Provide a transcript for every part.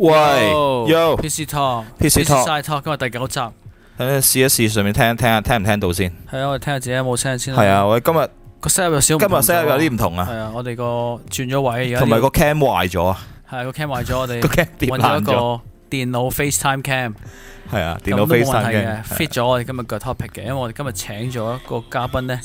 喂，Yo，Pizzy，Pizzy，SideTalk，今日第九集。誒，試一試上面聽一聽下，聽唔聽到先？係啊，我哋聽下自己有冇聲先。係啊，我哋今日個 set 有少，今日 set 有啲唔同啊。係啊，我哋個轉咗位，而家同埋個 cam 壞咗。係個 cam 壞咗，我哋換咗個電腦 FaceTime cam。係啊，電腦 FaceTime fit 咗我哋今日個 topic 嘅，因為我哋今日請咗一個嘉賓咧，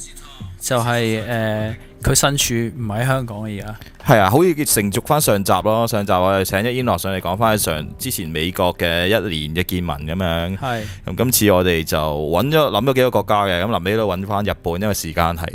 就係誒。佢身處唔喺香港啊！而家係啊，好以承續翻上集咯。上集我哋請咗 Ian 上嚟講翻上之前美國嘅一年嘅見聞咁樣。係咁是今次我哋就揾咗諗咗幾個國家嘅，咁臨尾都揾翻日本，因為時間係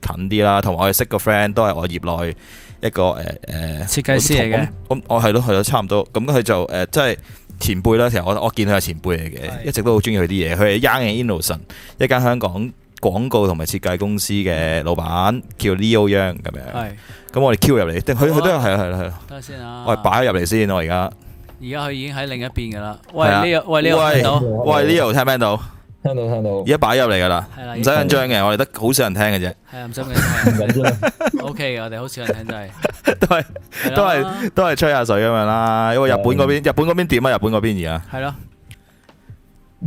近啲啦。同埋我哋識個 friend，都係我業內一個誒誒、呃、設計師嚟嘅同。咁的我係咯，係咯，差唔多。咁佢就誒、呃、即係前輩啦。其實我我見佢係前輩嚟嘅，的一直都好中意佢啲嘢。佢係 Young Innovation 一間香港。廣告同埋設計公司嘅老闆叫 Lio Yeung 咁樣，咁我哋 Q 入嚟，佢佢都係啊，係啦係啦。等下先啊，我係擺咗入嚟先，我而家。而家佢已經喺另一邊嘅啦。喂 Lio，喂 Lio 聽到，喂 Lio 聽唔聽到？聽到聽到。而家擺入嚟噶啦，唔使緊張嘅，我哋得好少人聽嘅啫。係，唔使緊張，唔緊張。OK，我哋好少人聽就係，都係都係都係吹下水咁樣啦。因為日本嗰邊，日本嗰邊點啊？日本嗰邊而家係咯。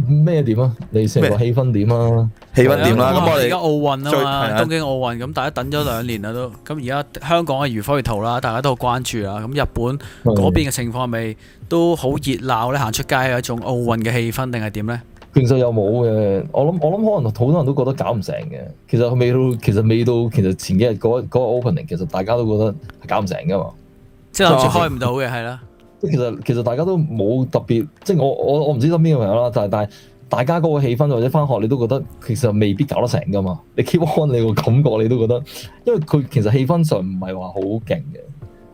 咩點啊？你成個氣氛點啊？氣 氛點啦，咁我哋而家奧運啊嘛， 東京奧運，咁大家等咗兩年啦都，咁而家香港嘅如火如荼啦，大家都好關注啊。咁日本嗰邊嘅情況係咪都好熱鬧咧？行出街係一種奧運嘅氣氛定係點咧？其實又冇嘅，我諗我諗可能好多人都覺得搞唔成嘅。其實未到，其實未到，其實前幾日嗰嗰個 opening，其實大家都覺得係搞唔成噶嘛，以即係開唔到嘅係啦。其實其實大家都冇特別，即係我我我唔知身邊嘅朋友啦，但係但係大家嗰個氣氛，或者返學，你都覺得其實未必搞得成噶嘛。你 keep on 你個感覺，你都覺得，因為佢其實氣氛上唔係話好勁嘅，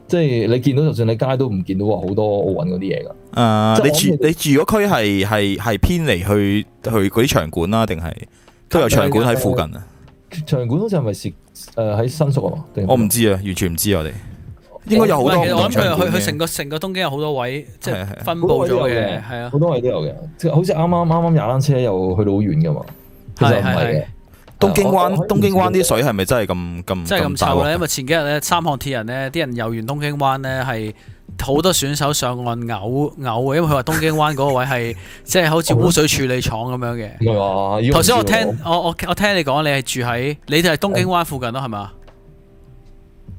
即係你見到就算你街都唔見到話好多奧運嗰啲嘢噶。誒、啊，即我你住你住嗰區係係係偏離去去啲場館啦，定係都有場館喺附近啊？場館好似係咪是誒喺、呃、新宿啊？定我唔知啊，完全唔知我哋。應該有好多，我諗佢佢成個成個東京有好多位，即係分布咗嘅。係啊，好多位都有嘅，即係好似啱啱啱啱踩單車又去到好遠㗎嘛，係係。東京灣東京灣啲水係咪真係咁咁？真係咁臭咧？因為前幾日咧，三項鐵人呢啲人游完東京灣咧，係好多選手上岸嘔嘔嘅，因為佢話東京灣嗰個位係即係好似污水處理廠咁樣嘅。唔，頭先我聽我我我聽你講，你係住喺你哋係東京灣附近咯，係咪？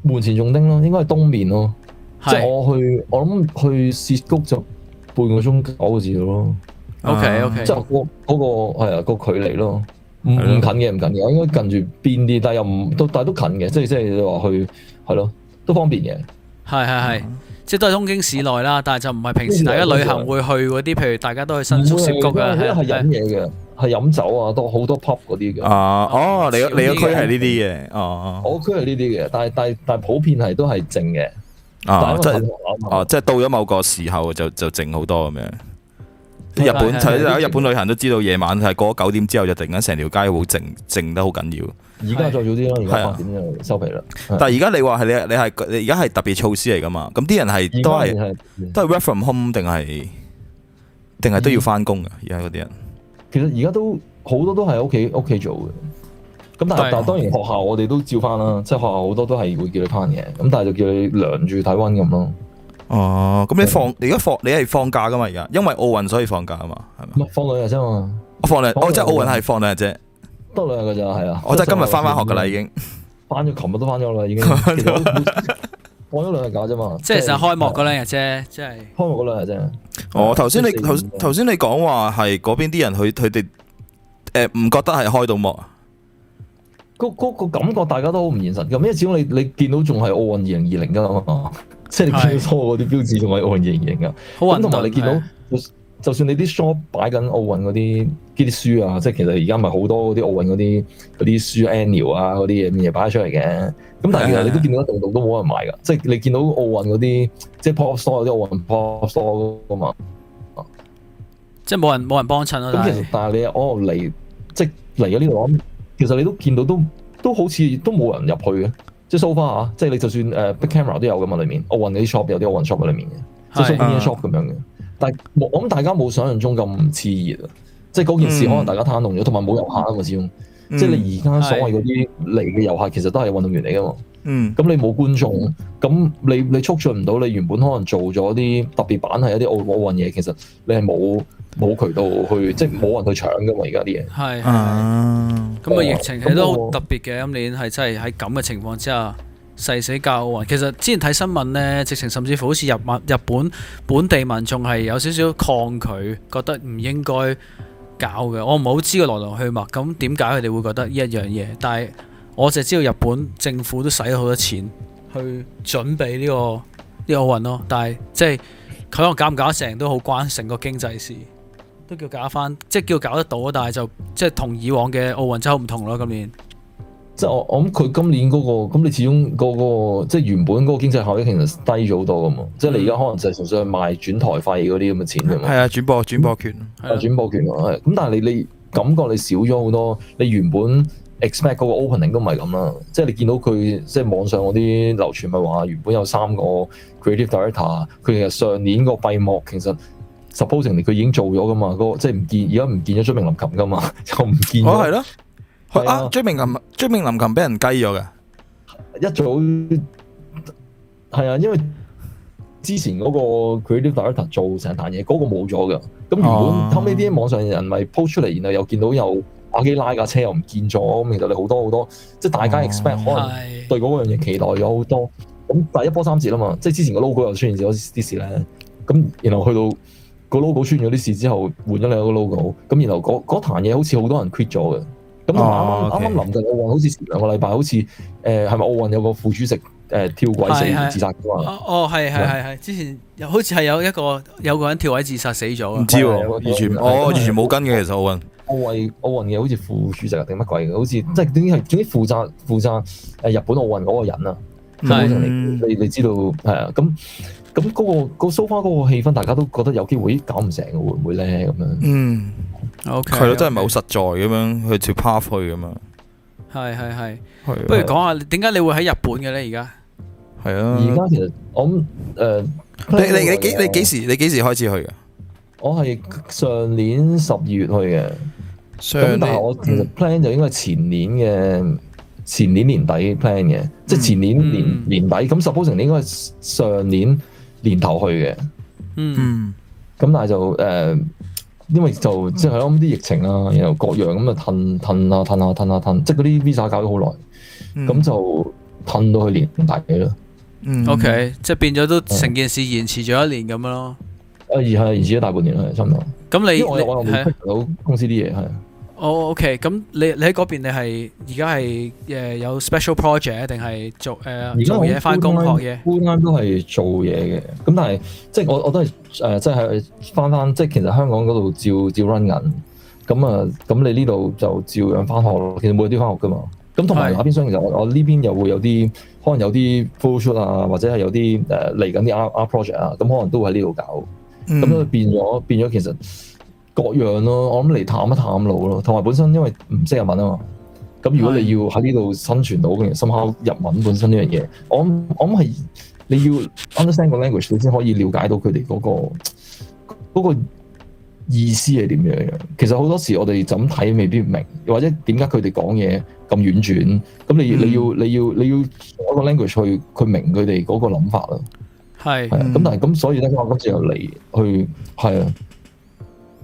門前仲丁咯，應該係東面咯，是即係我去，我諗去涉谷就半個鐘九個字咯。OK OK，即係嗰嗰個係啊，嗰個距離咯，唔、啊，近嘅唔近嘅，我應該近住邊啲，但係又唔都但係都近嘅，即係即係你話去係咯，啊，都方便嘅。係係係。嗯即都係東京市內啦，但係就唔係平時大家旅行會去嗰啲，譬如大家都去新宿涉谷嘅，係係飲嘢嘅，係飲酒啊，都好多 pub 嗰啲嘅。哦，你你個區係呢啲嘅。哦，我區係呢啲嘅，但係但但係普遍係都係靜嘅。啊，即係到咗某個時候就就靜好多咁樣。日本喺喺日本旅行都知道，夜晚係過咗九點之後就突然間成條街好靜，靜得好緊要。而家再早啲咯，而家八點收皮啦。但係而家你話係你你係你而家係特別措施嚟噶嘛？咁啲人係都係都係 work from home 定係定係都要翻工噶而家嗰啲人。其實而家都好多都係屋企屋企做嘅。咁但但係當然學校我哋都照翻啦，即係學校好多都係會叫你翻嘢，咁但係就叫你量住體温咁咯。哦，咁你放你而家放你係放假噶嘛？而家因為奧運所以放假啊嘛，係咪？放兩日啫嘛。我放兩，哦，即係奧運係放兩日啫。得兩日噶咋，係啊！我真係今日翻翻學噶啦，已經翻咗，琴日都翻咗啦，已經過咗兩日假啫嘛。即係實開幕嗰兩日啫，即係開幕嗰兩日啫。哦，頭先你頭頭先你講話係嗰邊啲人，佢佢哋誒唔覺得係開到幕啊？嗰嗰個感覺大家都好唔現實咁，因為始終你你見到仲係奧運二零二零噶嘛，即係你見到所有嗰啲標誌仲係奧運二零二零噶。好運動啊！就算你啲 shop 擺緊奧運嗰啲啲書啊，即係其實而家咪好多嗰啲奧運嗰啲啲書 annual 啊嗰啲嘢，嘢擺 出嚟嘅？咁但係其實你都見到一棟棟都冇人買嘅， 即係你見到奧運嗰啲即係 pop store 啲奧運 pop store 噶嘛？即係冇人冇人幫襯啊！咁其實但係是 你我嚟即係嚟咗呢度咁，其實你都見到都都好似都冇人入去嘅，即係 so far 啊，即係你就算誒 big、uh, camera 都有嘅嘛，裏面奧運嗰啲 shop 有啲奧運 shop 喺裏面嘅，即係 show business shop 咁樣嘅。但我諗大家冇想象中咁熾熱啊，即係嗰件事可能大家攤弄咗，同埋冇遊客啊嘛，始終即係你而家所謂嗰啲嚟嘅遊客，嗯、遊客其實都係運動員嚟噶嘛。嗯。咁你冇觀眾，咁你你促進唔到你原本可能做咗啲特別版係一啲奧奧運嘢，其實你係冇冇渠道去，嗯、即係冇人去搶噶嘛，而家啲嘢。係。咁是啊，哦、疫情係都好特別嘅，今年係真係喺咁嘅情況之下。誓死教奧運，其實之前睇新聞呢，直情甚至乎好似日日本本地民眾係有少少抗拒，覺得唔應該搞嘅。我唔係好知個來龍去脈，咁點解佢哋會覺得呢一樣嘢？但係我就係知道日本政府都使咗好多錢去準備呢、呢個呢、呢個奧運咯。但係即係佢話搞唔搞成都好關成個經濟事，都叫搞翻，即係叫搞得到，但係就即係同以往嘅奧運真係好唔同咯，今年。即係我，我諗佢今年嗰、嗰個，咁你始終嗰、嗰個，即係原本嗰個經濟效益其實低咗好多噶嘛。嗯、即係你而家可能就係純粹去賣轉台費嗰啲咁嘅錢係嘛？係啊、嗯，轉播轉播權，轉、嗯、轉播權係。咁但係你你感覺你少咗好多，你原本 expect 嗰個 opening 都唔係咁啦。即係你見到佢即係網上嗰啲流傳咪話，原本有三個 creative director，佢其實上年個閉幕其實 supposing 嚟，佢已經做咗噶嘛。嗰、嗰個、即係唔見，而家唔見咗張明林琴噶嘛，又唔見。係咯、哦。啊！追命琴，追命林琴俾人雞咗嘅。一早係啊，因為之前嗰個佢啲 new director 做成壇嘢，嗰、嗰個冇咗嘅。咁原本後尾啲網上人咪鋪出嚟，然後又見到有阿基拉架車又唔見咗，咁其實你好多好多，即係大家 expect 可能對嗰個樣嘢期待咗好多。咁但係一波三折啦嘛，即係之前個 logo 又出現咗啲事咧。咁然後去到個 logo 出現咗啲事之後，換咗另一個 logo。咁然後嗰嗰壇嘢好似好多人 quit 咗嘅。咁啱啱臨近奧運，好似前兩個禮拜，好似誒係咪奧運有個副主席誒跳軌死自殺嘅嘛？哦，係係係係，之前好似係有一個有個人跳軌自殺死咗唔知喎，完全哦，完全冇跟嘅，其實奧運，奧運奧運嘅好似副主席定乜鬼嘅，好似即係點知係總之負責負責誒日本奧運嗰個人啊？你你知道係啊？咁咁嗰個嗰 so far 嗰個氣氛，大家都覺得有機會搞唔成嘅，會唔會咧？咁樣嗯。係咯，okay, okay. 真係唔係好實在咁樣去接 part 去咁樣！係係係，不如講下點解你會喺日本嘅咧？而家係啊！而家其實我誒、呃，你你你幾你幾時你幾時開始去嘅？我係上年十二月去嘅，咁年但係我其實 plan 就應該係前年嘅、嗯、前年年底 plan 嘅，即係前年年年底咁。Suppose 你應該上年年頭去嘅，嗯。咁、嗯、但係就誒。呃因為就即係咯，啲疫情啊，然後各樣咁啊，褪褪啊，褪啊，褪啊褪，即係嗰啲 Visa 搞咗好耐，咁、嗯、就褪到去年大幾咯。嗯，OK，即係變咗都成件事延遲咗一年咁樣咯。啊、嗯，而係延遲咗大半年啦，差唔多。咁你我係、啊、公司啲嘢係。哦、oh，OK，咁你你喺嗰邊？你係而家係誒有 special project 定係做誒做嘢翻工學嘢？啱都係做嘢嘅，咁但係即係我我都係誒即係翻翻，即係其實香港嗰度照照 run 緊，咁啊咁你呢度就照樣翻學咯。其實冇日都翻學噶嘛。咁同埋嗱，邊雖然我我呢邊又會有啲可能有啲 photoshoot 啊，或者係有啲誒嚟緊啲 R R project 啊，咁可能都會喺呢度搞。咁所以、嗯、變咗變咗，其實。各樣咯、啊，我諗嚟探一探路咯、啊。同埋本身因為唔識日文啊嘛，咁如果你要喺呢度生存到，嘅，深刻日文本身呢樣嘢，我我諗係你要 understand 個 language，你先可以了解到佢哋嗰個、嗰個意思係點樣。其實好多時我哋咁睇，未必明，或者點解佢哋講嘢咁婉轉？咁你你要、嗯、你要你要攞個 language 去佢明佢哋嗰個諗法咯。係，係啊。咁但係咁所以咧，我嗰次又嚟去，係啊。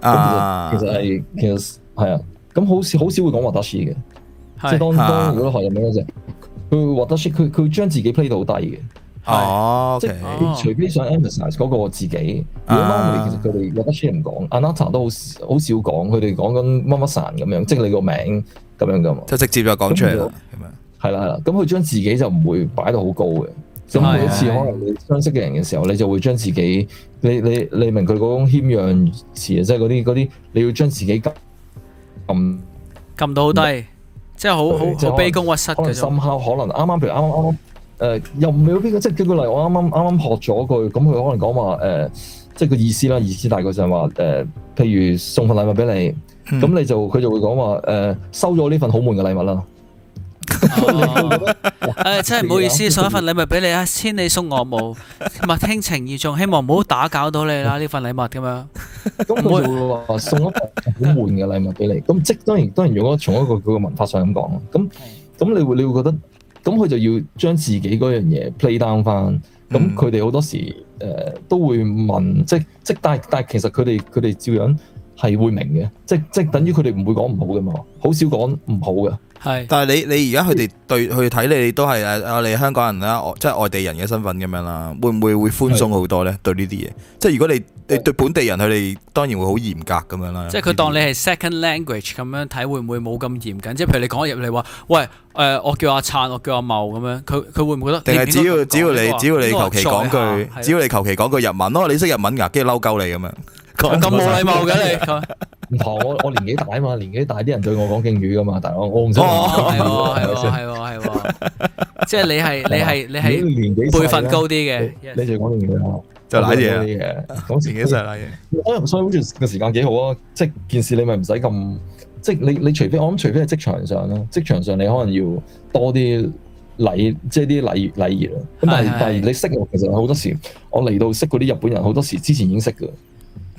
啊其，其實係，其實係啊，咁好少好少會講 watashi 嘅，即係當當嗰啲學人嗰陣，佢 watashi，佢佢將自己 play 到好低嘅，哦，okay，即係除非想 emphasize 嗰個自己，如果 language 其實佢哋 watashi 唔講，anata 都好好少講，佢哋講緊乜乜 san 咁樣，即係你個名咁樣噶嘛，就直接就講出嚟，係啦係啦，咁佢嗎將自己就唔會擺到好高嘅，咁每一次可能你相識嘅人嘅時候，你就會將自己。你你你明佢嗰種謙讓詞啊，即係嗰啲啲，你要將自己撳撳撳到好低，撳即係好好卑躬屈膝。可能深刻，可能啱啱譬如啱啱啱誒，又唔係好邊個，即係舉個例，我啱啱啱啱學咗句，咁佢可能講話誒，即係個意思啦，意思大概就係話誒，譬如送份禮物俾你，咁、嗯、你就佢就會講話誒，收咗呢份好悶嘅禮物啦。誒，真係唔好意思，送一份禮物俾你啊，千里送鵝毛，物輕情意重，希望唔好打攪到你啦。呢份禮物咁樣，咁我送一份好悶嘅禮物俾你，咁即當然當然如果從一個佢嘅文化上咁講咁咁你會你會覺得，咁佢就要將自己嗰樣嘢 play down 返。咁佢哋好多時誒、呃呃、都會問，即即但但其實佢哋佢哋照樣。係會明嘅，即即等於佢哋唔會講唔好嘅嘛，好少講唔好嘅。係是，但係你你而家佢哋對去睇你，你都係誒我哋香港人啦，即係外地人嘅身份咁樣啦，會唔會會寬鬆好多咧？對呢啲嘢，即係如果你你對本地人，佢哋當然會好嚴格咁樣啦。即係佢當你係 second language 咁樣睇，會唔會冇咁嚴謹？即係譬如你講入嚟話，喂誒，我叫阿燦，我叫阿茂咁樣，佢佢會唔會覺得？定係只要只要你只要你求其講句，只要你求其講句日文咯，哦哦，你識日文㗎，跟住嬲鳩你咁樣，咁冇禮貌嘅你，唔同我我年紀大嘛，年紀大啲人對我講敬語噶嘛，但我我唔想講敬語。哦，係喎係喎，即係你係你係你係年紀輩份高啲嘅，你就講敬語咯，就瀨嘢啲嘢，講自己就瀨嘢。可能所以好似個時間幾好啊，即係件事你咪唔使咁，即係你你除非我諗，除非係職場上咯，職場上你可能要多啲禮，即係啲禮禮儀咯。咁但係但係你識我，其實好多時我嚟到識嗰啲日本人，好多時之前已經識噶。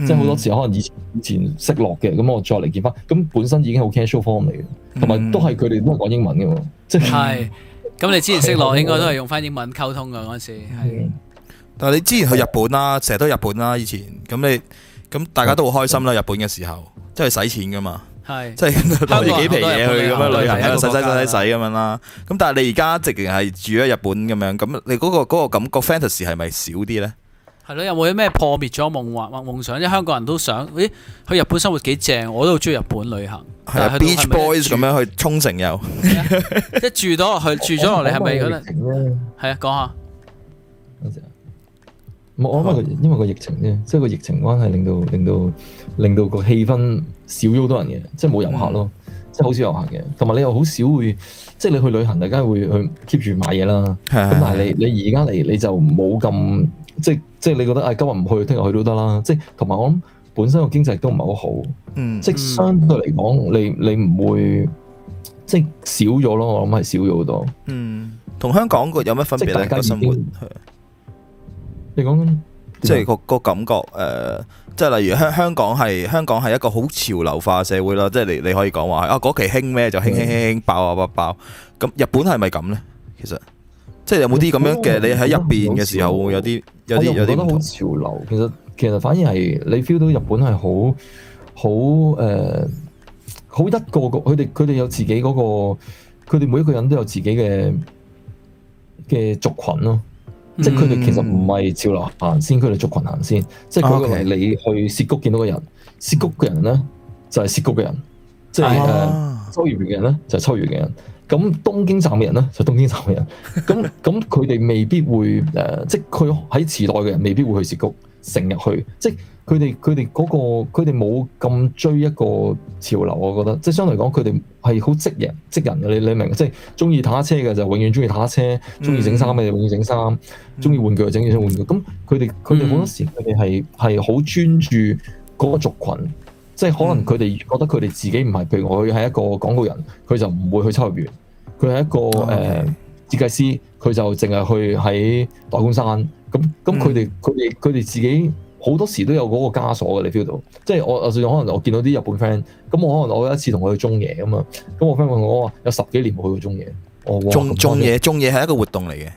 即係好多時可能以前以前識落嘅，咁我再嚟見返，咁本身已經好 casual form 嚟嘅，同埋都係佢哋都係講英文嘅嘛。即係咁你之前識落應該都係用返英文溝通嘅嗰陣時。係。但係你之前去日本啦，成日都去日本啦以前，咁你咁大家都好開心啦日本嘅時候，即係使錢嘅嘛。係。即係攞住幾皮嘢去咁樣旅行，型洗洗洗洗咁樣啦。咁但係你而家直情係住喺日本咁樣，咁你嗰、嗰個嗰個嗰個感覺 fantasy 係咪少啲呢？係咯，有冇啲咩破滅咗夢幻或夢想？即係香港人都想，咦，去日本生活幾正？我都好中意日本旅行，係啊，Beach Boys 咁樣去沖繩遊，一住到落去，住咗落嚟，係咪咁啊？係啊，講下，冇啊，因為個因為個疫情啫，即係個疫情關係，令到令到令到個氣氛少咗好多人嘅，即係冇遊客咯，即係好少遊客嘅，同埋你又好少會，即係你去旅行，大家係會去 keep 住買嘢啦。咁但係你你而家嚟你就冇咁。即即係你覺得、啊、今日唔去，聽日去都得啦。即係同埋我諗，本身個經濟都唔係好好。嗯、即係相對嚟講、嗯，你你唔會即係少咗咯。我諗係少咗好多。同、嗯、香港個有乜分別咧？生活你講，即係、嗰個感覺誒、呃，即係例如香港香港係香港係一個好潮流化社會啦。即係你你可以講話啊，嗰期興咩就興興興爆啊爆，爆爆！咁日本係咪咁呢？其實？即係有冇啲咁樣嘅？你喺入邊嘅時候有，有啲有啲有啲唔潮流其實其實反而係你 feel 到日本係好好誒，好一、呃、個個佢哋佢哋有自己嗰、那個，佢哋每一個人都有自己嘅嘅族群咯。即係佢哋其實唔係潮流行先，佢哋族群行先。即係佢個係你去涉谷見到嘅人，啊 okay。涉谷嘅人咧就係、是、涉谷嘅人，即係是誒、啊 uh，秋葉原嘅人咧就係、是、秋葉原嘅人。咁東京站嘅人咧就是、東京站嘅人，咁咁佢哋未必會誒、呃，即係佢喺池袋嘅人未必會去涉谷，成日去，即係佢哋佢哋嗰個佢哋冇咁追一個潮流，我覺得即係相對嚟講，佢哋係好職人職人嘅，你你明？即係中意打車嘅就永遠中意打車，中意整衫嘅就永遠整衫，中意玩具就永遠整玩具。咁佢哋佢哋好多時佢哋係係好專注嗰個族群，即係可能佢哋覺得佢哋自己唔係譬如我係一個廣告人，佢就唔會去抽血。佢係一個誒 Okay.、uh, 設計師，佢就淨係去喺代官山咁咁，佢哋、嗯、自己好多時都有嗰個枷鎖嘅，你 feel 到？即係我誒，甚至可能我見到啲日本 friend，咁我可能我一次同佢去中野，咁我 friend 問我話：有十幾年冇去過中野，我中野中野係一個活動嚟嘅。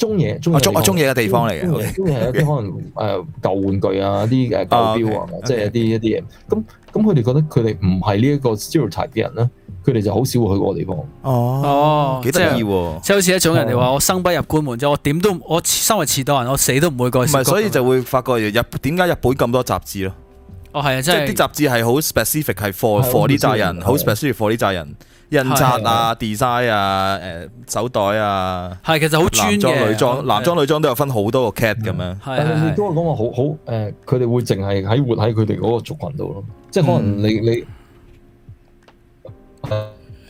中野，我中我中野嘅地方嚟嘅，中野係一啲可能誒舊玩具啊，啲誒舊表啊，即係一啲一啲嘢。咁咁佢哋覺得佢哋唔係呢一個 stereotype 嘅人咧，佢哋就好少會去嗰個地方。哦哦，幾得意喎！即係好似一種人哋話我生不入官門，即我點都我生為黐堆人，我死都唔會過。所以就會發覺日點解日本咁多雜誌咯？哦，係啊，即係啲雜誌係好 specific 係 for for 呢紮人，好 specific for 呢紮人。印刷啊，design 啊，誒，手袋啊，係，其實好專業。男裝女裝，男裝女裝都有分好多個 cat 咁樣。係，都係咁啊，好，好，誒，佢哋會淨係喺活喺佢哋嗰個族群度咯。即係可能你你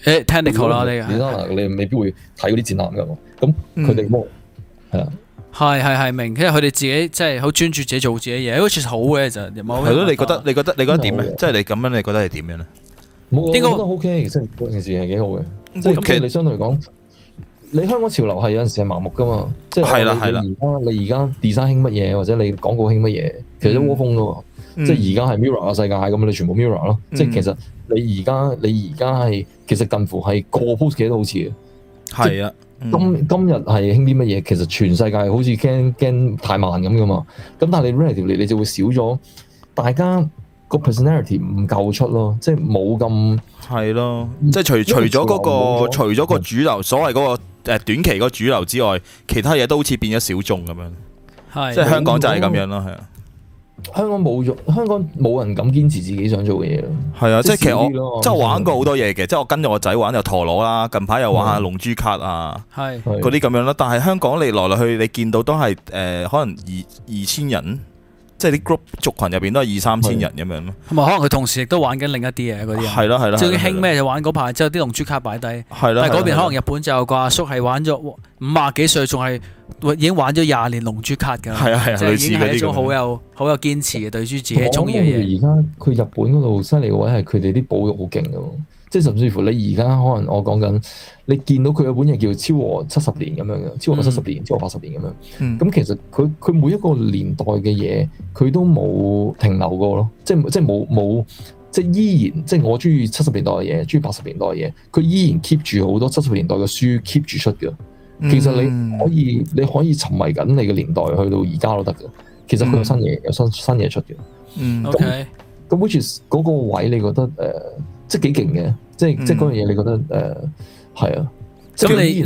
誒，technical 啦，你啊，你未必會睇嗰啲展覽噶。咁佢哋冇係啊。係係係明，其實佢哋自己即係好專注自己做自己嘢，好似好嘅就冇。係咯，你覺得你覺得你覺得點咧？即係你咁樣你覺得係點樣咧？我覺得 OK，誰其實嗰件事係幾好嘅。Okay. 即係其實你相對嚟講，你香港潮流係有陣時係盲目噶嘛。的即係你而家的你而家 design 興乜嘢，或者你廣告興乜嘢，嗯、其實都窩蜂噶喎。嗯、即係而家係 mirror 嘅世界咁，你全部 mirror 咯、嗯。即係其實你而家你而家係其實近乎係個 post 嘅都好似。係啊的，今、嗯、今日係興啲乜嘢？其實全世界好似驚驚太慢咁噶嘛。咁但係你 relative 你你就會少咗大家。個 personality 唔夠出咯，即係冇咁係咯，即係的除除咗嗰個，除咗個主流是的 所謂嗰個短期嗰個主流之外，其他嘢都好似變咗小眾咁樣，是的 即係香港就係咁樣咯，係啊，香港冇用，香港冇人敢堅持自己想做嘅嘢，係啊的，即係其實我即係、嗯、玩過好多嘢嘅，的即係我跟住我仔玩又陀螺啦，近排又玩下龍珠卡啊，係嗰啲咁樣啦，但係香港你來來去你見到都係誒、呃、可能二二千人。即係啲 group 族群入邊都係二三千人咁是的 這樣咯，同埋可能佢同時亦都玩緊另一啲嘢嗰啲， 啊、人最興咩就玩嗰排，之後啲龍珠卡擺低，但係嗰邊可能日本就個阿、啊、叔係玩咗五廿幾歲，仲係已經玩咗廿年龍珠卡㗎，即係已經係一種好有好有堅持嘅對住自己中意嘅嘢。而家佢日本嗰度犀利嘅位係佢哋啲保育好勁嘅。即係甚至乎你而家可能我講緊，你見到佢有本嘢叫超過《超和七十年》咁樣嘅，《超和七十年》《超和八十年》咁樣。嗯。咁其實佢佢每一個年代嘅嘢，佢都冇停留過咯。即係即係冇冇，即係依然即係我中意七十年代嘅嘢，中意八十年代嘅嘢，佢依然 keep 住好多七十年代嘅書 keep 住出嘅。其實你可以、嗯、你可以沉迷緊你嘅年代去到而家都得嘅。其實佢、嗯、有新嘢，有新新嘢出嘅。嗯。OK。咁好似嗰個位，你覺得誒？呃即係幾勁嘅，即係、嗯、即係嗰樣嘢，你覺得誒係啊？咁、呃、你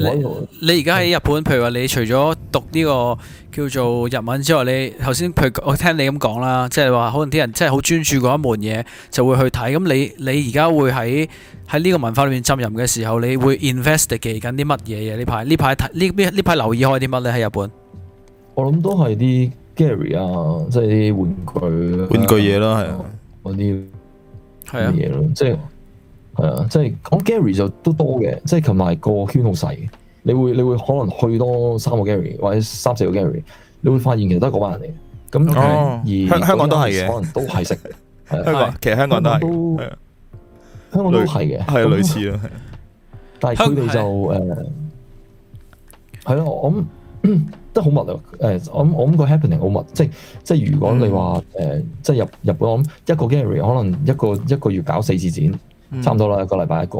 你而家喺日本，譬如話，你除咗讀呢個叫做日文之外，你頭先譬如我聽你咁講啦，即係話可能啲人真係好專注嗰一門嘢，就會去睇。咁你你而家會喺喺呢個文化裏面浸淫嘅時候，你會 investigate 緊啲乜嘢嘢？呢排，呢排睇呢邊，呢排留意開啲乜？你喺日本，我諗都係啲 Gary 啊，即係啲玩具，啊、玩具嘢咯，係啊，嗰啲係啊嘢咯，即係的。係啊、嗯，即係講 Gary 就都多嘅，即係同埋個圈好細嘅。你會你會可能去多三個 Gary 或者三四個 Gary，你會發現其實都係嗰班人嚟嘅。咁、哦、而香香港都係嘅，可能都係識嘅。香港、嗯、其實香港都係香港都係嘅，係類似啦。似但係佢哋就誒係咯，我諗、嗯、都好密咯。誒、嗯，我我諗個 happening 好密，即係即係如果你話誒、嗯，即係、嗯嗯、入入我諗一個 Gary 可能一個一個月搞四次展。差唔多啦，一個禮拜一個，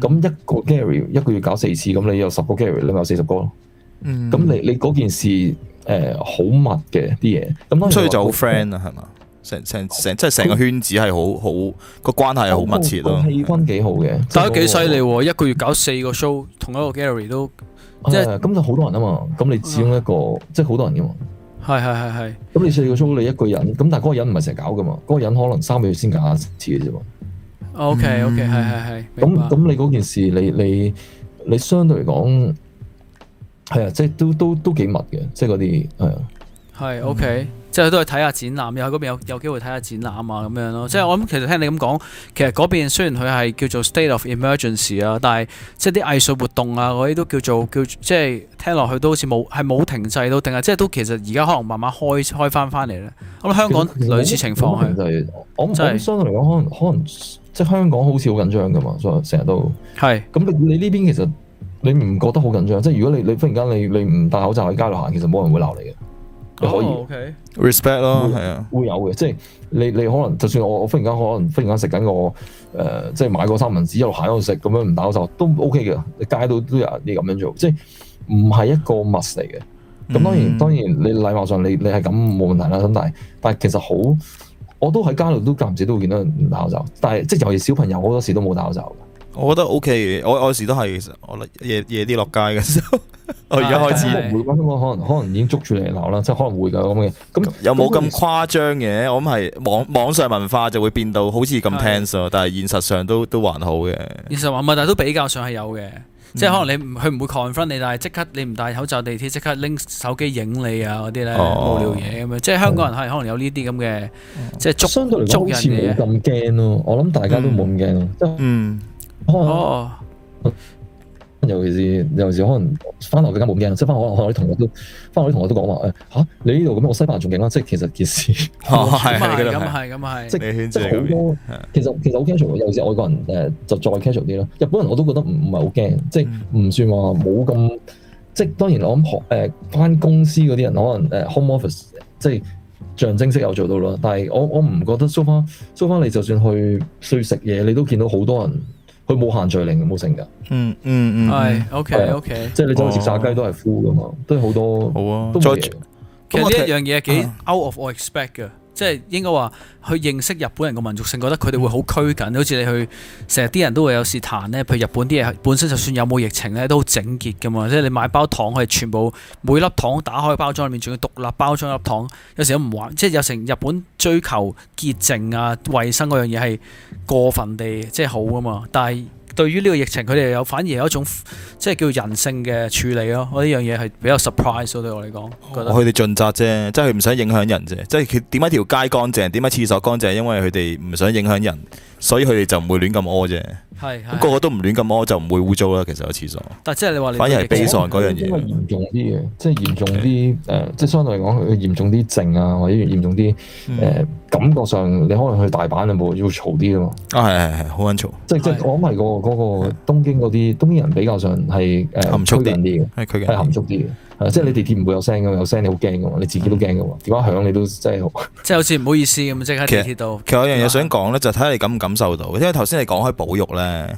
咁一個 Gary 一個月搞四次，咁你有十個 Gary，你咪有四十個咯。嗯，咁你你嗰件事誒好密嘅啲嘢，咁所以就好 friend 啊，係嘛？成成成即係成個圈子係好好個關係係好密切咯，氣氛幾好嘅。但係都幾犀利，一個月搞四個 show，同一個 Gary 都即係咁就好多人啊嘛。咁你始終一個即係好多人噶嘛？係係係係。咁你四個 show 你一個人，咁但係嗰個人唔係成日搞噶嘛？嗰個人可能三個月先搞一次嘅啫。O K O K，係係係。咁咁、okay, okay, yes, yes,，那你嗰件事，你你你，你相對嚟講，係啊，即係都都都幾密嘅，即係嗰啲係啊。係 O K，即係都去睇下展覽，又喺嗰邊有有機會睇下展覽啊，咁樣咯。即係我諗，其實聽你咁講，其實嗰邊雖然佢係叫做 State of Emergency 啊，但係即係啲藝術活動啊，嗰啲都叫做叫，即係聽落去都好似冇係冇停滯到，定係即係都其實而家可能慢慢開開翻翻嚟咧。咁、嗯、香港類似情況係，就係相對嚟講，可能可能。即係香港好似好緊張㗎嘛，所以成日都係。咁是你呢邊其實你唔覺得好緊張？即係如果你你忽然間你你唔戴口罩喺街度行，其實冇人會鬧你嘅，可以。OK，respect 咯，係啊，會有嘅。即係你你可能就算我我忽然間可能忽然間食緊我誒、呃，即係買個三文治一路行一路食，咁樣唔戴口罩都 OK 嘅。你街度都有啲咁樣做，即係唔係一個 must 嚟嘅。咁、嗯、當然當然你禮貌上你你係咁冇問題啦，但係但係其實好。我都喺街度都間唔時都會見到戴口罩，但係即係尤其小朋友好多時都冇戴口罩。我覺得 OK，我有時都係其實我夜夜啲落街嘅時候，我而家開始可能可能已經捉住嚟鬧啦，即係可能會㗎咁嘅。咁有冇咁誇張嘅？我諗係網網上文化就會變到好似咁 tense 對但係現實上都都還好嘅。現實話咪，但都比較上係有嘅。嗯、即係可能你佢唔會 confront 你，但係即刻你唔戴口罩，地鐵即刻拎手機影你啊，嗰啲咧無聊嘢咁樣，即係香港人係可能有呢啲咁嘅，嗯、即係捉，相對嚟講好似冇咁驚咯。我諗大家都冇咁驚咯，即係嗯，哦。尤其是，尤其是可能翻嚟更加冇驚，即係翻我，我啲同學都翻，我啲同學都講話誒，嚇你呢度咁，我西班牙仲勁啦！即係其實件事，係咁係咁係，即係即係好多。其實其實好 casual，尤其是外國人誒、呃、就再 casual 啲咯。日本人我都覺得唔唔係好驚，即係唔算話冇咁。嗯、即係當然我諗學誒翻公司嗰啲人可能誒、呃、home office，即係象徵式有做到咯。但係我我唔覺得，so far so far 你，就算去就算去食嘢，你都見到好多人。佢冇限聚令嘅，冇性格。嗯嗯嗯，係，OK OK。即係你走去食炸雞都係 full 㗎嘛，oh。都好多。好啊，都嘅。George，其實呢一樣嘢係 out of expecta 即係應該話去認識日本人個民族性，覺得佢哋會好拘謹。好似你去成日啲人都會有事談呢。譬如日本啲嘢本身就算有冇疫情呢，都好整潔㗎嘛。即係你買包糖，佢係全部每粒糖打開包裝裏面，仲要獨立包裝一粒糖。有時都唔玩，即係有成日本追求潔淨啊、衛生嗰樣嘢係過分地即係好㗎嘛。但係。對於呢個疫情，佢哋有反而有一種即係叫人性嘅處理咯。我呢樣嘢係比較 surprise 咯，對我嚟講。佢哋、哦、覺得盡責啫，即係佢唔想影響人啫。即係點解條街乾淨，點解廁所乾淨？因為佢哋唔想影響人，所以佢哋就唔會亂咁屙啫。係係。個個都唔亂咁屙，就唔會污糟啦。其實有廁所。但即係你話你。反而係悲喪嗰樣嘢。嚴重啲嘅，即係嚴重啲誒、呃，即係相對嚟講，嚴重啲症啊，或者嚴重啲誒、嗯呃，感覺上你可能去大阪有冇要嘈啲啊嘛？啊係係係，好緊嘈。即係我諗係個。嗰個東京嗰啲東京人比較上係誒含蓄啲嘅，係佢嘅，係含蓄啲嘅。嗯、即係你地鐵唔會有聲㗎，有聲你好驚㗎嘛，你自己都驚㗎嘛，點解、嗯、響你都真係好？即係好似唔好意思咁，即係喺地鐵度。其實有一樣嘢想講咧，就睇下你感唔感受到。因為頭先你講開保育咧，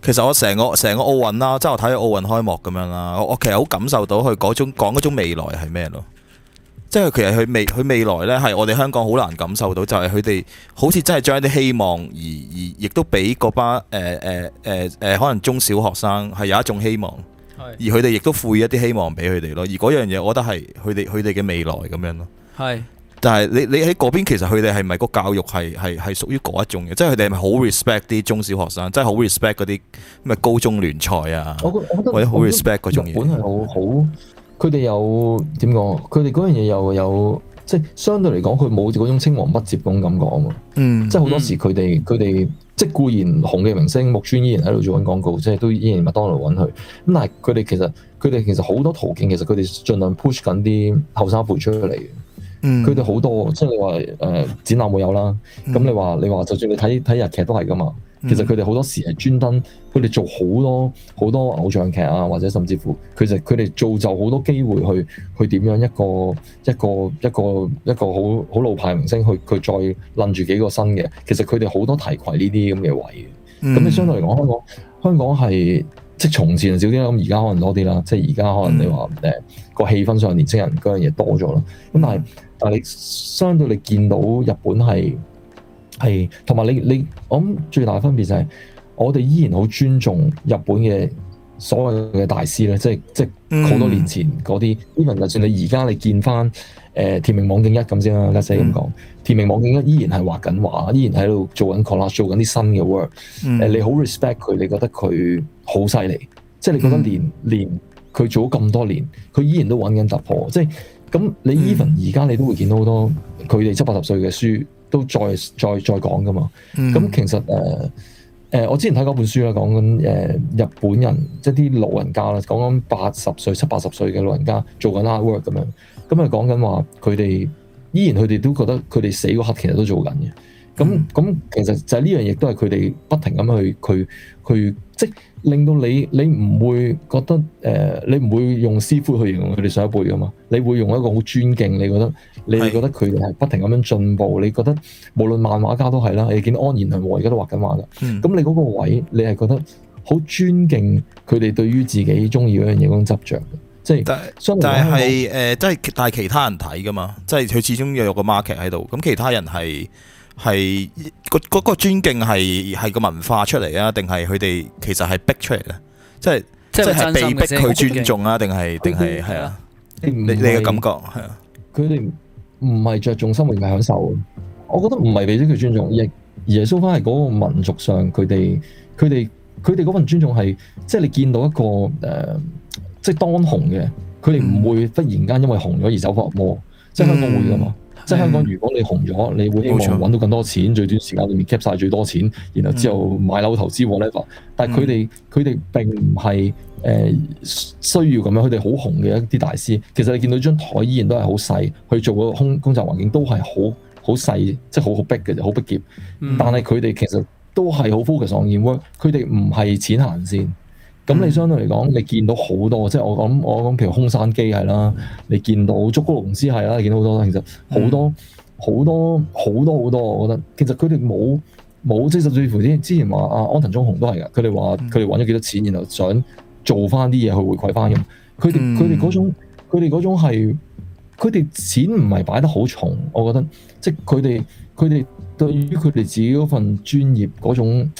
其實我成個成個奧運啦，即係我睇奧運開幕咁樣啦，我我其實好感受到佢嗰種講嗰種未來係咩咯。即係其實佢未佢未來呢係我哋香港好難感受到，就係佢哋好似真係將一啲希望，而而亦都俾嗰班誒誒誒誒可能中小學生係有一種希望，而佢哋亦都賦予一啲希望俾佢哋咯。而嗰樣嘢，我覺得係佢哋佢哋嘅未來咁樣咯。係，但係你你喺嗰邊其實佢哋係咪個教育係係係屬於嗰一種嘅？即係佢哋係咪好 respect 啲中小學生？即係好 respect 嗰啲咩高中聯賽啊？我覺得我覺得或者好 respect 嗰種嘢，本係好好。佢哋有點講，佢哋嗰樣嘢又有，即係相對嚟講，佢冇嗰種青黃不接嗰種感覺啊嘛。嗯，即係好多時佢哋佢哋即係固然紅嘅明星，木村依然喺度做緊廣告，即係都依然麥當勞揾佢。咁但係佢哋其實佢哋其實好多途徑，其實佢哋盡量 push 緊啲後生輩出嚟。嗯，佢哋好多，即係你話誒、呃、展覽會有啦？咁、嗯、你話你話，就算你睇睇日劇都係噶嘛。其實佢哋好多時係專登，佢哋做好多好多偶像劇啊，或者甚至乎，其實佢哋造就好多機會去去點樣一個一個一個一個好好老派明星去佢再攬住幾個新嘅。其實佢哋好多提攜呢啲咁嘅位嘅。咁你相對嚟講，香港香港係即係從前少啲啦，咁而家可能多啲啦。即係而家可能你話誒、嗯、個氣氛上年輕人嗰樣嘢多咗啦。咁但係、嗯、但係相對你見到日本係。係，同埋你你，我諗最大分別就係，我哋依然好尊重日本嘅所有嘅大師咧，即係即係好多年前嗰啲。even 就算你而家你見翻，誒田明網景一田名網敬一咁先啦，Let's say 咁講，田名網敬一依然係畫緊畫，依然喺度做緊 collage，做緊啲新嘅 work。誒、嗯呃、你好 respect 佢，你覺得佢好犀利，即係你覺得年年佢做咗咁多年，佢依然都揾緊突破。即係咁，你 even 而家你都會見到好多佢哋七八十歲嘅書。都再再再講噶嘛。咁、嗯、其實誒誒、呃，我之前睇過本書啦，講緊誒、呃、日本人即係啲老人家啦，講緊八十歲七八十歲嘅老人家做緊 hard work 咁樣，咁啊講緊話佢哋依然佢哋都覺得佢哋死嗰刻其實都做緊嘅。咁咁、嗯、其實就係呢樣嘢，都係佢哋不停咁去去去即。令到你你唔會覺得誒、呃，你唔會用師傅去形容佢哋上一輩噶嘛？你會用一個好尊敬，你覺得你覺得佢哋係不停咁樣進步，是你覺得無論漫畫家都係啦，你見安然同我而家都在畫緊畫啦。咁、嗯、你嗰個位，你係覺得好尊敬佢哋對於自己中意嗰樣嘢咁種執著即係但係係即係但係是港、呃、其他人睇噶嘛，即係佢始終有個 market 喺度，咁其他人係。係嗰嗰個尊敬係係個文化出嚟啊？定係佢哋其實係逼出嚟咧？即係即係被逼去尊重啊？定係定係係啊？你嘅感覺係啊？佢哋唔係着重生活嘅享受，我覺得唔係俾咗佢尊重，亦耶穌翻係嗰個民族上，佢哋佢哋佢哋嗰份尊重係，即係你見到一個誒，即係當紅嘅，佢哋唔會忽然間因為紅咗而走火入魔，嗯、即係香港會噶嘛？即係香港，如果你紅咗，嗯、你會希望揾到更多錢，錯最短時間裏面 keep 晒最多錢，然後之後買樓投資獲 lever。嗯、whatever, 但係佢哋佢哋並唔係誒需要咁樣，佢哋好紅嘅一啲大師，其實你見到張枱依然都係好細，去做個工工作環境都係好好細，即係好好逼嘅，好逼夾。但係佢哋其實都係好 focus on work 佢哋唔係錢行先。咁、嗯、你相對嚟講，你見到好多，即係我講，我講其實空山基係啦、嗯、啦，你見到竹谷隆之係啦，見到好多。其實好多好、嗯、多好多好多，我覺得其實佢哋冇冇，即係甚至乎啲之前話啊安藤忠雄都係㗎，佢哋話佢哋揾咗幾多錢，然後想做翻啲嘢去回饋翻，咁佢哋佢哋嗰種佢哋嗰種係，佢哋錢唔係擺得好重，我覺得即係佢哋佢哋對於佢哋自己嗰份專業嗰種。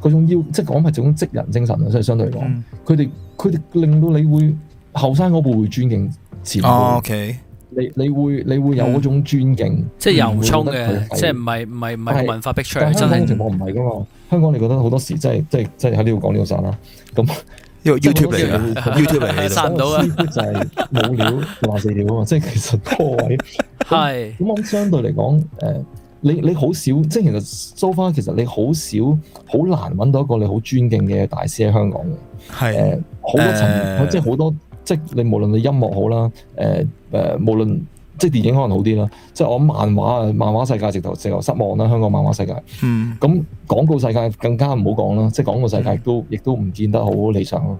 嗰種要即係講係種職人精神啊，所以相對嚟講，佢哋佢哋令到你會後生嗰部分會尊敬前輩，你你會你會有嗰種尊敬，即係由衷嘅，即係唔係唔係唔係文化逼出嚟，真係香港情況唔係㗎嘛。香港你覺得好多時真係真係真係喺呢度講呢個散啦。咁因為 YouTube 嚟嘅，YouTube 嚟嘅，刪唔到啊，就係冇料話事料啊！即係其實多位係咁，我覺得相對嚟講誒。你你好少，即係其實 so far，其實你好少，好難搵到一個你好尊敬嘅大師喺香港嘅。係是，好、呃、多層，呃、即係好多，即係你無論你音樂好啦，誒、呃、誒，無論即係電影可能好啲啦，即係我諗漫畫啊，漫畫世界直頭直頭失望啦，香港漫畫世界。嗯。咁廣告世界更加唔好講啦，即係廣告世界亦都、嗯、亦都唔見得好理想咯。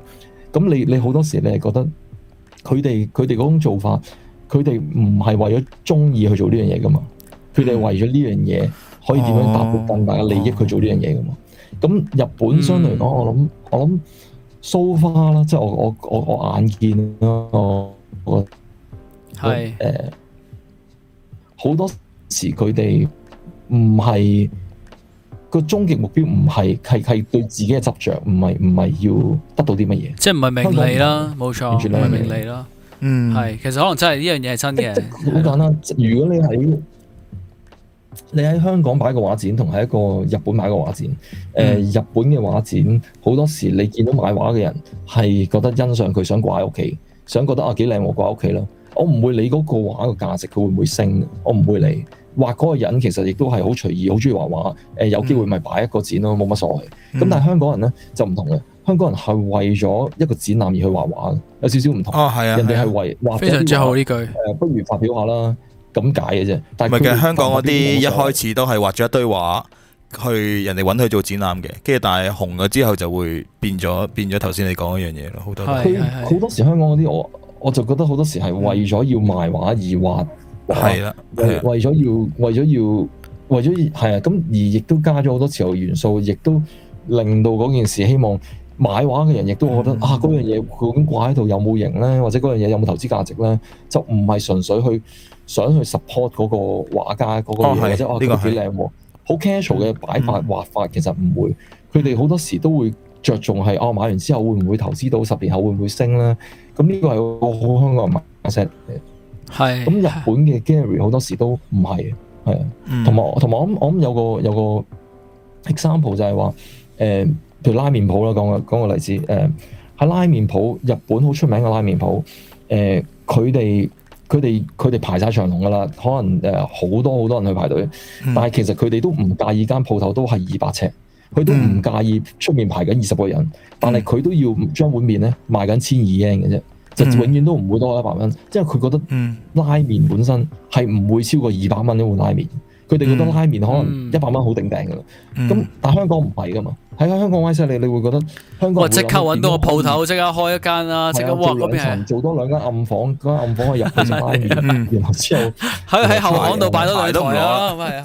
咁你你好多時你係覺得佢哋佢哋嗰種做法，佢哋唔係為咗鍾意去做呢樣嘢㗎嘛？佢哋為咗呢樣嘢，可以點樣搭成更大嘅利益？去做呢樣嘢嘅嘛？咁日本相對嚟講，我諗、mm. 我諗 so far 啦，即係我我我我眼見咯，我覺得係誒好多時佢哋唔係個終極目標，唔係係係對自己嘅執着，唔係唔係要得到啲乜嘢，即係唔係名利啦，冇錯，完全唔係名利啦，利，嗯，係其實可能真係呢樣嘢係真嘅，好即簡單。如果你喺你喺香港擺個畫展，同喺一個日本擺個畫展。誒、嗯，日本嘅畫展好多時你見到買畫嘅人係覺得欣賞佢，想掛喺屋企，想覺得啊幾靚喎，掛喺屋企咯。我唔會理嗰個畫嘅價值，佢會唔會升？我唔會理會，畫嗰個人其實亦都係好隨意，好中意畫畫。誒，有機會咪擺一個展咯，冇乜、嗯、所謂。咁、嗯、但係香港人呢，就唔同嘅，香港人係為咗一個展覽而去畫畫有少少唔同。啊，係啊，啊啊人哋係為畫。非常之好呢句、啊。不如發表下啦。咁解嘅啫，唔係嘅。香港嗰啲一開始都係畫咗一堆畫，去人哋揾佢做展覽嘅，跟住但係紅咗之後就會變咗變咗頭先你講一樣嘢咯，好多。好多時香港嗰啲我我就覺得好多時係為咗要賣畫而畫，係啦，係為咗要為咗要為咗係啊，咁而亦都加咗好多潮流元素，亦都令到嗰件事希望。買畫嘅人亦都覺得、嗯、啊，嗰樣嘢佢咁掛喺度有冇型咧，或者嗰樣嘢有冇投資價值咧，就唔係純粹去想去 support 嗰個畫家嗰個嘢，哦、或者哇佢幾靚喎，好 casual 嘅擺法畫法其實唔會，佢哋好多時都會着重係哦、啊、買完之後會唔會投資到十年後會唔會升咧？咁呢個係好香港人買 set，係咁日本嘅 gallery 好多時都唔係，係啊，同埋同埋我諗我諗有個有個 example 就係話誒、呃譬如拉麵鋪啦，講個講個例子，誒、呃、喺拉麵鋪，日本好出名嘅拉麵鋪，誒佢哋佢哋佢哋排晒長龍㗎啦，可能誒好、呃、多好多人去排隊，嗯、但係其實佢哋都唔介意間鋪頭都係二百尺，佢、嗯、都唔介意出面排緊二十個人，嗯、但係佢都要將碗麵咧賣緊千二 yen 嘅啫，嗯、就永遠都唔會多一百蚊，因、嗯、為佢覺得拉麵本身係唔會超過二百蚊一碗拉麵。佢哋嗰啲拉麵可能一百蚊好頂頂噶啦，咁但香港唔係噶嘛，喺香港威西你你會覺得香港即刻揾到個鋪頭，即刻開一間啦，即刻喎嗰邊做多兩間暗房，嗰間暗房係入去啲拉麪，然後之後喺喺後巷度擺多台菜啊，係啊，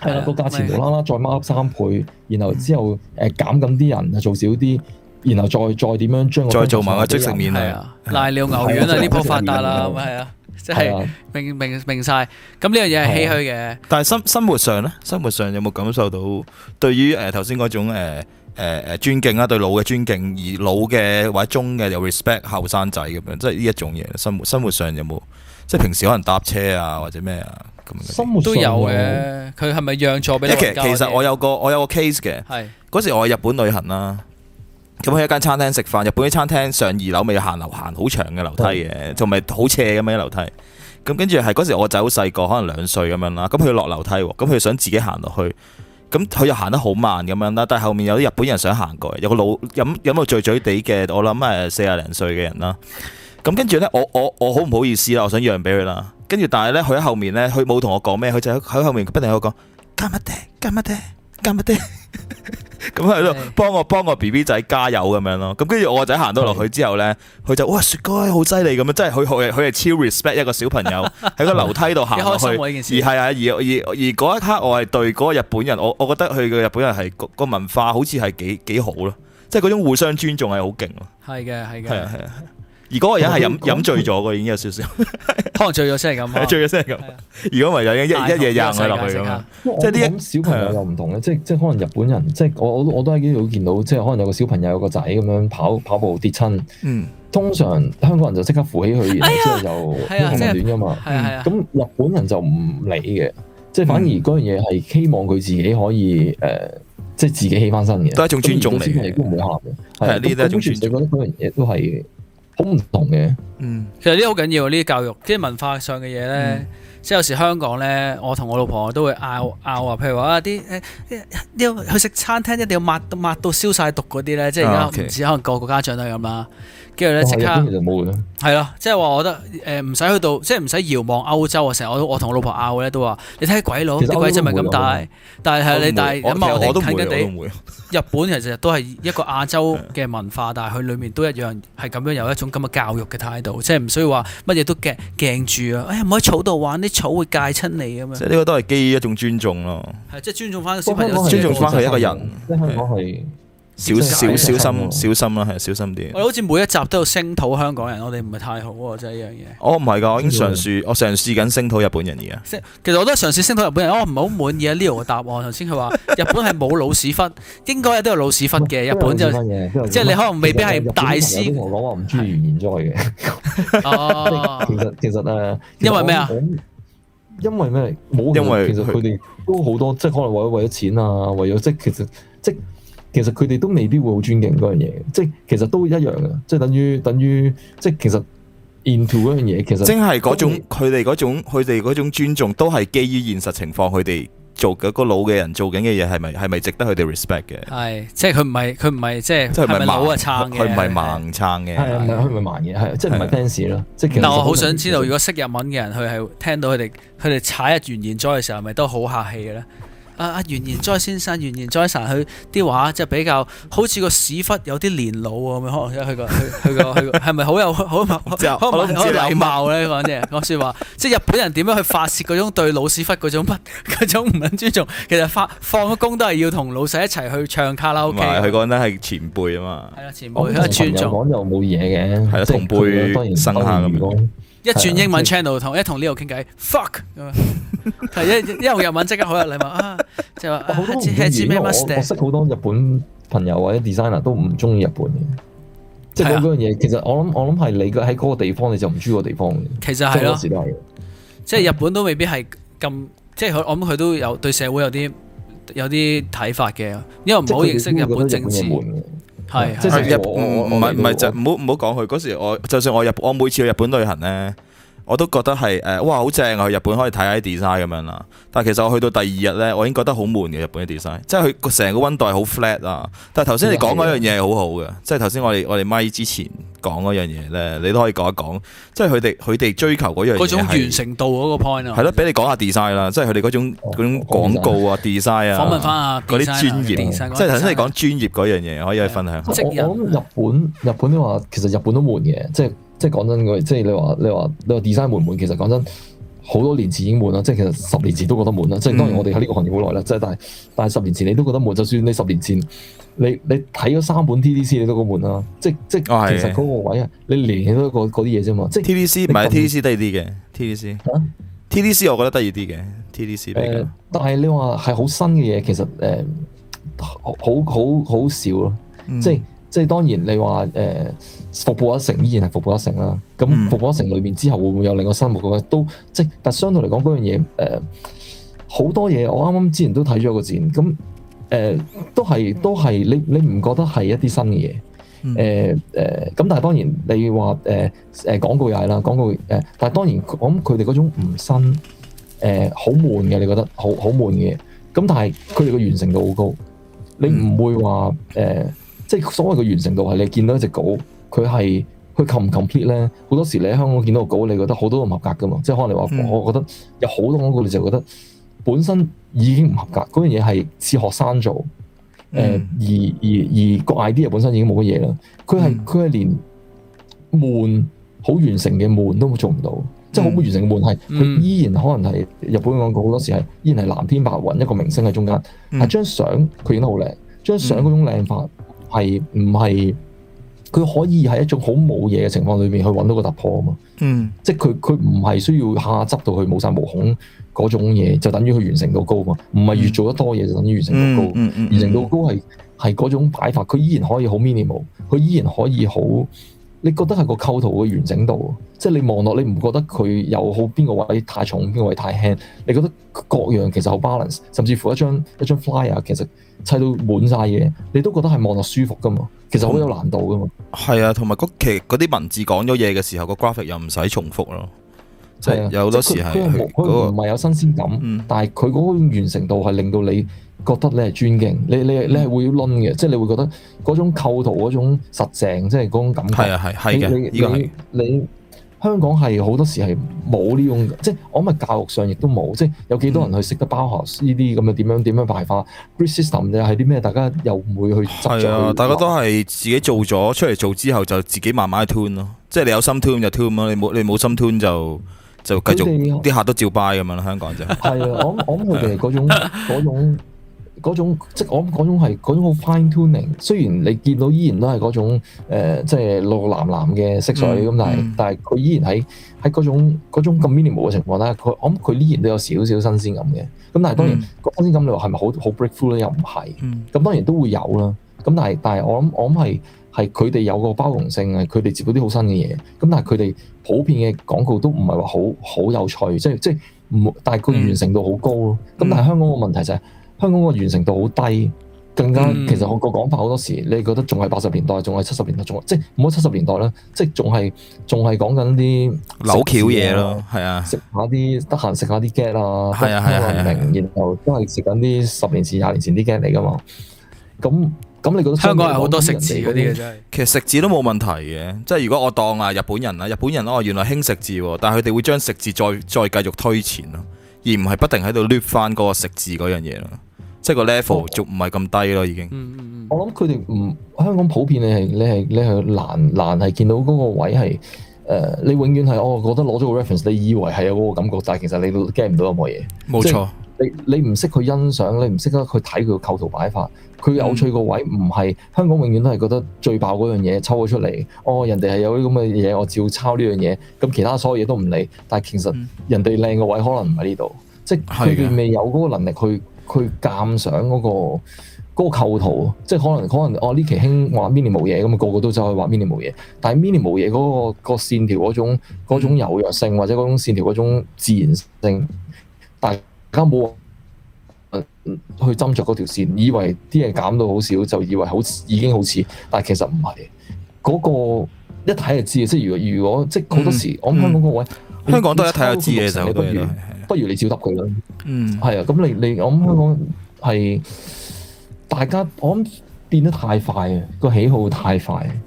係啦，個價錢無啦啦再 mark 三倍，然後之後誒減緊啲人做少啲，然後再再點樣將再做埋個即食麪係啊，瀨尿牛丸啊，呢鋪發達啦，係啊。即係、啊、明明明晒，咁呢樣嘢係唏噓嘅、啊。但係生生活上咧，生活上有冇感受到對於誒頭先嗰種誒誒誒尊敬啊，對老嘅尊敬，而老嘅或者中嘅又 respect 後生仔咁樣，即係呢一種嘢。生活生活上有冇即係平時可能搭車啊或者咩啊咁？樣？生活冇？都有嘅，佢係咪讓座俾你？其實我有個我有個 case 嘅，係嗰時我喺日本旅行啦。咁去一間餐廳食飯，日本啲餐廳上二樓咪要行，行樓行好長嘅樓梯嘅，同埋好斜咁樣嘅樓梯。咁跟住係嗰時我仔好細個，可能兩歲咁樣啦。咁佢落樓梯，咁佢想自己行落去。咁佢又行得好慢咁樣啦。但係後面有啲日本人想行過，有個老飲飲到醉醉地嘅，我諗係四廿零歲嘅人啦。咁跟住呢，我我我好唔好意思啦，我想讓俾佢啦。跟住但係呢，佢喺後面呢，佢冇同我講咩，佢就喺後面不停喺度講，加乜嘅，加乜嘅。咁咪得，咁喺度幫我幫個 B B 仔加油咁樣咯，咁跟住我個仔行到落去之後呢，佢的就哇雪糕好犀利咁啊！真係佢佢佢係超 respect 一個小朋友喺個樓梯度行落去， 而係啊而而而嗰一刻我係對嗰個日本人我我覺得佢個日本人係，個文化好似係幾幾好咯，即係嗰種互相尊重係好勁咯。係嘅係嘅。係啊係啊。而嗰個人係飲飲醉咗，個已經有少少，可能醉咗先係咁醉咗先係咁。如果唔係，已一一夜癋佢落去咁。即係啲小朋友又唔同嘅，即係即係可能日本人，即係我我都喺呢度見到，即係可能有個小朋友、有個仔咁樣跑跑步跌親。通常香港人就即刻扶起佢，然之後就因為時間短嘛。咁日本人就唔理嘅，即係反而嗰樣嘢係希望佢自己可以誒，即係自己起翻身嘅，都係一種尊重嚟。你都唔會喊嘅，係呢都係種尊重。覺得可能亦都係。好唔同嘅，嗯其，其實呢啲好緊要，呢啲教育，啲文化上嘅嘢咧，嗯、即係有時香港咧，我同我老婆都會拗拗話，譬如話啊啲誒，要去食餐廳一定要抹抹到消晒毒嗰啲咧，即係而家唔知可能個個家長都係咁啦，跟住咧，即刻冇係咯，即係話我覺得誒唔使去到，即係唔使遙望歐洲啊！成日我我同我老婆拗咧都話：你睇鬼佬啲鬼真係咁大，但係你但係我哋近近地日本其實都係一個亞洲嘅文化， 但係佢裡面都一樣係咁樣有一種咁嘅教育嘅態度，即係唔需要話乜嘢都夾鏡住啊！哎呀，唔好喺草度玩，啲草會戒親你啊嘛！即呢個都係基於一種尊重咯，係即係尊重翻小朋友。即係香港尊重翻佢一個人。即係對小小小心小心啦，係小心啲。我好似每一集都要聲討香港人，我哋唔係太好喎，真係呢樣嘢。我唔係噶，我已經嘗試，我嘗試緊聲討日本人而家。其實我都係嘗試聲討日本人，我唔係好滿意 Lio 嘅答案。頭先佢話日本係冇老屎忽，應該都有老屎忽嘅。日本就即係你可能未必係大師。我講我唔中意現在嘅。哦，其實其實誒，因為咩啊？因為咩？冇，因為其實佢哋都好多，即係可能為咗為咗錢啊，為咗即係其實即。其實佢哋都未必會好尊敬嗰樣嘢，即係其實都一樣嘅，即係等於等於，即係其實 into 嗰樣嘢其實正，即係嗰種佢哋嗰種佢哋嗰種尊重都係基於現實情況，佢哋做嘅、嗰個老嘅人做緊嘅嘢係咪係咪值得佢哋 respect 嘅？係，即係佢唔係佢唔係即係係咪老啊撐嘅？佢唔係盲撐嘅，佢唔係盲嘅，即係唔係 fans 咯的？即但我好想知道，如果識日文嘅人，佢係聽到佢哋佢哋踩日元現災嘅時候，係咪都好客氣嘅咧？啊啊，原研哉先生，原研哉神，佢啲話，即係比較好似個屎忽有啲年老喎，咁樣可能有去過去去過去過，係咪好有好唔禮貌咧講啲講説話，即係日本人點樣去發泄嗰種對老屎忽嗰種乜嗰種唔肯尊重？其實發放咗工都係要同老細一齊去唱卡拉 OK。同埋佢講得係前輩啊嘛。係啦、啊，前輩尊重。有講又冇嘢嘅。係啦，同輩當然生下咁樣。一轉英文 channel，同一同呢度傾偈，fuck，係一一用日文即刻好有禮貌啊，就話我我識好多日本朋友或者 designer 都唔中意，日本嘅，即係嗰樣嘢。其實我諗我諗係你嘅，喺嗰個地方你就唔中意個地方嘅。其實係咯，即係日本都未必係咁，即係我諗佢都有對社會有啲有啲睇法嘅，因為唔好認識日本政治係，是即係日唔係唔係，就唔好唔好講佢嗰時我，我就算我日我每次去日本旅行咧。我都覺得係誒，哇，好正啊！去日本可以睇下啲 design 咁樣啦。但係其實我去到第二日咧，我已經覺得好悶嘅日本嘅 design，即係佢成個溫度好 flat 啊。但係頭先你講嗰樣嘢係好好嘅，即係頭先我哋我哋咪之前講嗰樣嘢咧，你都可以講一講。即係佢哋佢哋追求嗰樣，嗰種完成度嗰個 point 啊。係咯，俾你講下 design 啦，即係佢哋嗰種嗰種廣告啊，design 啊，訪問翻啊嗰啲專業，即係頭先你講專業嗰樣嘢可以去分享下職人啊。我諗日本日本你話其實日本都悶嘅，即係。即係講真，即係你話，你話，你話 design 悶唔悶？其實講真，好多年前已經悶啦。即係其實十年前都覺得悶啦。嗯、即係當然我哋喺呢個行業好耐啦。即係但係，但係十年前你都覺得悶。就算你十年前你你睇咗三本 TDC，你都覺得悶啦。即即其實嗰個位啊，你連都嗰嗰啲嘢啫嘛。即係 TDC 唔係 TDC 低啲嘅 TDC TDC 我覺得低啲嘅 TDC 但係你話係好新嘅嘢，其實誒、呃、好好好,好,好,好,好少咯、嗯。即係即係當然你話誒。呃服部一成依然係服部一成啦，咁服部一成裏面之後會唔會有另一個新嘅嘅，嗯、都即係，但相對嚟講嗰樣嘢，誒好、呃、多嘢，我啱啱之前都睇咗個展，咁、嗯、誒、呃、都係都係你你唔覺得係一啲新嘅嘢，誒、呃、誒，咁、呃、但係當然你話誒誒廣告又係啦，廣告誒、呃，但係當然我諗佢哋嗰種唔新，誒、呃、好悶嘅，你覺得好好悶嘅，咁但係佢哋嘅完成度好高，你唔會話誒、呃、即係所謂嘅完成度係你見到一隻稿。佢係佢夠唔 complete 咧？好多時你喺香港見到個稿，你覺得好多都唔合格噶嘛？即係可能你話，嗯、我覺得有好多廣告你就覺得本身已經唔合格。嗰樣嘢係似學生做，誒、嗯呃、而而而個 idea 本身已經冇乜嘢啦。佢係佢係連悶好完成嘅悶都做唔到，嗯、即係好唔完成嘅悶係佢依然可能係日本廣告好多時係依然係藍天白雲一個明星喺中間，但係張相佢影得好靚，張相嗰種靚法係唔係？佢可以喺一種好冇嘢嘅情況裏面去揾到個突破啊嘛，嗯，即係佢佢唔係需要下執到去冇晒毛孔嗰種嘢，就等於佢完成度高嘛，唔係越做得多嘢就等於完成度高，完、嗯嗯嗯嗯、成度高係係嗰種擺法，佢依然可以好 minimal，佢依然可以好。你覺得係個構圖嘅完整度，即係你望落你唔覺得佢有好邊個位太重，邊個位太輕？你覺得各樣其實好 balance，甚至乎一張一張 flyer，其實砌到滿晒嘢，你都覺得係望落舒服噶嘛？其實好有難度噶嘛？係啊，同埋嗰其嗰啲文字講咗嘢嘅時候，個 graphic 又唔使重複咯。係啊，即有好多時係唔係有新鮮感，嗯、但係佢嗰種完成度係令到你覺得你係尊敬，你你你係會要攆嘅，嗯、即係你會覺得嗰種構圖嗰種實淨，即係嗰種感覺係啊係你，你，是你，你，你香港係好多時係冇呢種，即係我諗教育上亦都冇，即係有幾多人去識得包學呢啲咁嘅點樣點樣排法、嗯、？System 咧係啲咩？大家又唔會去執著、啊、大家都係自己做咗出嚟做之後就自己慢慢 tune 咯。即、就、係、是、你有心 tune 就 tune 你冇心 tune 就，就。就繼續啲們客都照 buy 咁樣咯，香港就係啊！ 我我諗佢哋嗰種嗰種即係我諗嗰種係嗰種好 fine tuning。雖然你見到依然都係嗰種、呃、即係綠藍藍嘅色水咁，但係但係佢依然喺喺嗰種咁 minimal 嘅情況啦。佢我諗佢依然都有少少新鮮感嘅。咁但係當然、嗯、新鮮感你話係咪好好 breakthrough 咧？又唔係。咁、嗯、當然都會有啦。咁但係但係我諗我諗係係佢哋有個包容性，係佢哋接嗰啲好新嘅嘢。咁但係佢哋。普遍嘅廣告都唔係話好好有趣，即係即係唔，但係佢完成度好高咯。咁、嗯、但係香港個問題就係、係、香港個完成度好低，更加、嗯、其實個講法好多時，你覺得仲係八十年代，仲係七十年代，仲即係唔好七十年代啦，即係仲係仲係講緊啲扭橋嘢咯，係啊，食下啲得閒食下啲 gag 啊，得閒食啲，然後都係食緊啲十年前 get，廿年前啲 gag 嚟㗎嘛，咁。香港係好多食字嗰啲嘅啫，其實食字都冇問題嘅，即係如果我當啊日本人啊日本人咯、哦，原來興食字，但係佢哋會將食字再再繼續推前咯，而唔係不停喺度 lift 翻嗰個食字嗰樣嘢咯，即係個 level 仲唔係咁低咯已經。嗯嗯嗯、我諗佢哋唔，香港普遍你係你係你係難難係見到嗰個位係誒、呃，你永遠係哦覺得攞咗個 reference，你以為係有嗰個感覺，但係其實你 get 唔到個乜嘢。冇錯。你你唔識去欣賞，你唔識得去睇佢個構圖擺法，佢有趣個位唔係、嗯、香港永遠都係覺得最爆嗰樣嘢抽咗出嚟。哦，人哋係有啲咁嘅嘢，我照抄呢樣嘢，咁其他所有嘢都唔理。但係其實人哋靚個位可能唔係呢度，嗯、即係佢未有嗰個能力去去鑑賞嗰個嗰個構圖，即係可能可能哦呢期興畫 minimal 嘢，咁啊個個都走去畫 minimal 嘢。但係 minimal 嘢嗰個個線條嗰種嗰種柔弱性、嗯、或者嗰種線條嗰種自然性。而家冇，誒，去斟酌嗰條線，以為啲嘢減到好少，就以為好已經好似，但係其實唔係嗰個一睇就知嘅，即係如，如果如果即係好多時，嗯、我諗香港個位，嗯、你香港都一睇就知嘅，時候，不如不如你照篤佢啦。嗯，係啊，咁你你我諗香港係大家我諗變得太快啊，個喜好太快。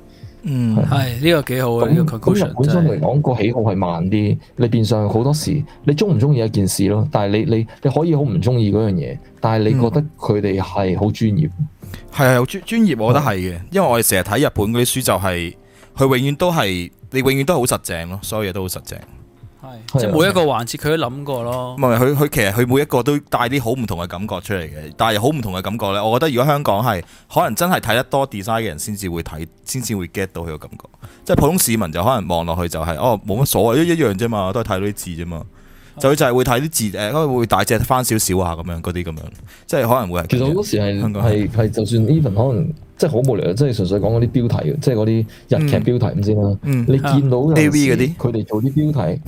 嗯，係呢、這個幾好嘅。咁日本本身嚟講個喜好係慢啲，嗯、你變相好多時，你中唔中意一件事咯？但係你你你可以好唔中意嗰樣嘢，但係你覺得佢哋係好專業，係啊、嗯，有專專業我覺得係嘅，因為我哋成日睇日本嗰啲書就係、是，佢永遠都係，你永遠都好實淨咯，所有嘢都好實淨。係，即係每一個環節佢都諗過咯。唔係，佢佢其實佢每一個都帶啲好唔同嘅感覺出嚟嘅，但係好唔同嘅感覺咧。我覺得如果香港係，可能真係睇得多 design 嘅人先至會睇，先至會 get 到佢個感覺。即係普通市民就可能望落去就係、是，哦，冇乜所謂，一一樣啫嘛，都係睇到啲字啫嘛。就就係會睇啲字，誒，可能會大隻翻少少啊，咁樣嗰啲咁樣，即係可能會係。其實好多時係香港就算 even 可能即係好無聊，即係純粹講嗰啲標題即係嗰啲日劇標題咁先啦。你見到 A V 啲，佢哋、啊、做啲標題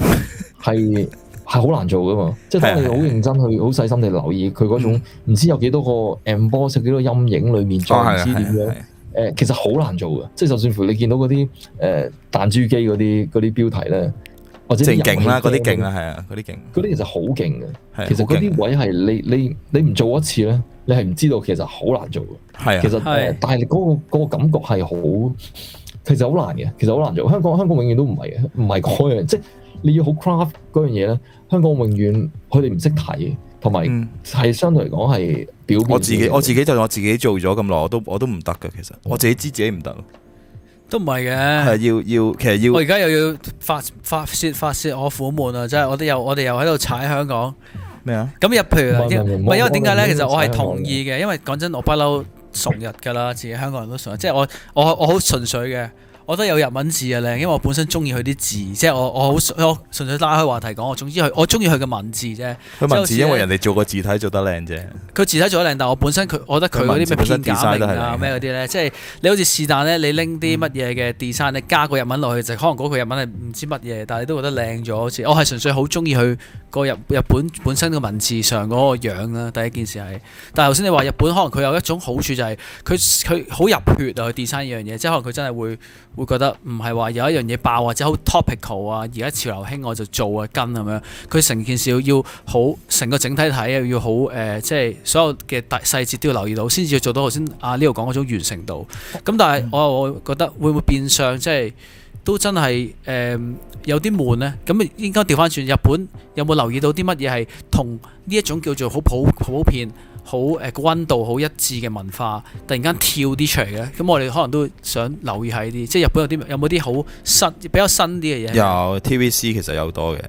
係係好難做噶嘛？即係當你好認真去好 細心地留意佢嗰種，唔 知有幾多個 emboss、幾多陰影裏面，唔知點樣。啊、其實好難做嘅，即係 就，就算乎你見到嗰啲誒彈珠機嗰啲啲標題咧。正勁啦，嗰啲勁啊，係啊，嗰啲勁，嗰啲其實好勁嘅。其實嗰啲位係你你你唔做一次咧，你係唔知道其實好難做嘅。係啊是、呃嗰個嗰個，其實但係你個嗰個感覺係好，其實好難嘅，其實好難做。香港香港永遠都唔係嘅，唔係嗰樣，嗯、即係你要好 craft 嗰樣嘢咧。香港永遠佢哋唔識睇，同埋係相對嚟講係表面、嗯。我自己我自己就我自己做咗咁耐，我都我都唔得嘅其實。我自己知自己唔得。嗯都唔係嘅，要要，其實要我而家又要發發泄發泄，我苦悶啊！真係我哋又我哋又喺度踩香港咩啊？咁入去啊？唔係因為點解咧？其實我係同意嘅，因為講真，我不嬲崇日噶啦，自己香港人都崇日，即係 我我我好純粹嘅。我覺得有日文字嘅靚，因為我本身中意佢啲字，即係我我好我純粹拉開話題講，我總之佢我中意佢嘅文字啫。佢文字因為人哋做個字體做得靚啫。佢字體做得靚，但我本身佢我覺得佢嗰啲咩片假名啊咩嗰啲咧，即係你好似是但咧，你拎啲乜嘢嘅 design，你加個日文落去就可能嗰個日文係唔知乜嘢，但係你都覺得靚咗。好似我係純粹好中意佢。個日日本本身個文字上嗰個樣啦，第一件事係。但係頭先你話日本可能佢有一種好處就係佢佢好入血啊，佢 design 呢樣嘢，即係可能佢真係會會覺得唔係話有一樣嘢爆或者好 topical 啊，而家潮流興我就做啊跟咁樣。佢成件事要好成個整體睇啊，要好誒、呃，即係所有嘅細細節都要留意到，先至要做到頭先啊。呢度講嗰種完成度。咁但係我又覺得會唔會變相即係？都真係誒、呃、有啲悶呢。咁應該調翻轉。日本有冇留意到啲乜嘢係同呢一種叫做好普普遍、好誒個温度好一致嘅文化突然間跳啲出嚟嘅？咁、嗯、我哋可能都想留意下呢啲，即係日本有啲有冇啲好新比較新啲嘅嘢？有 TVC 其實有多嘅，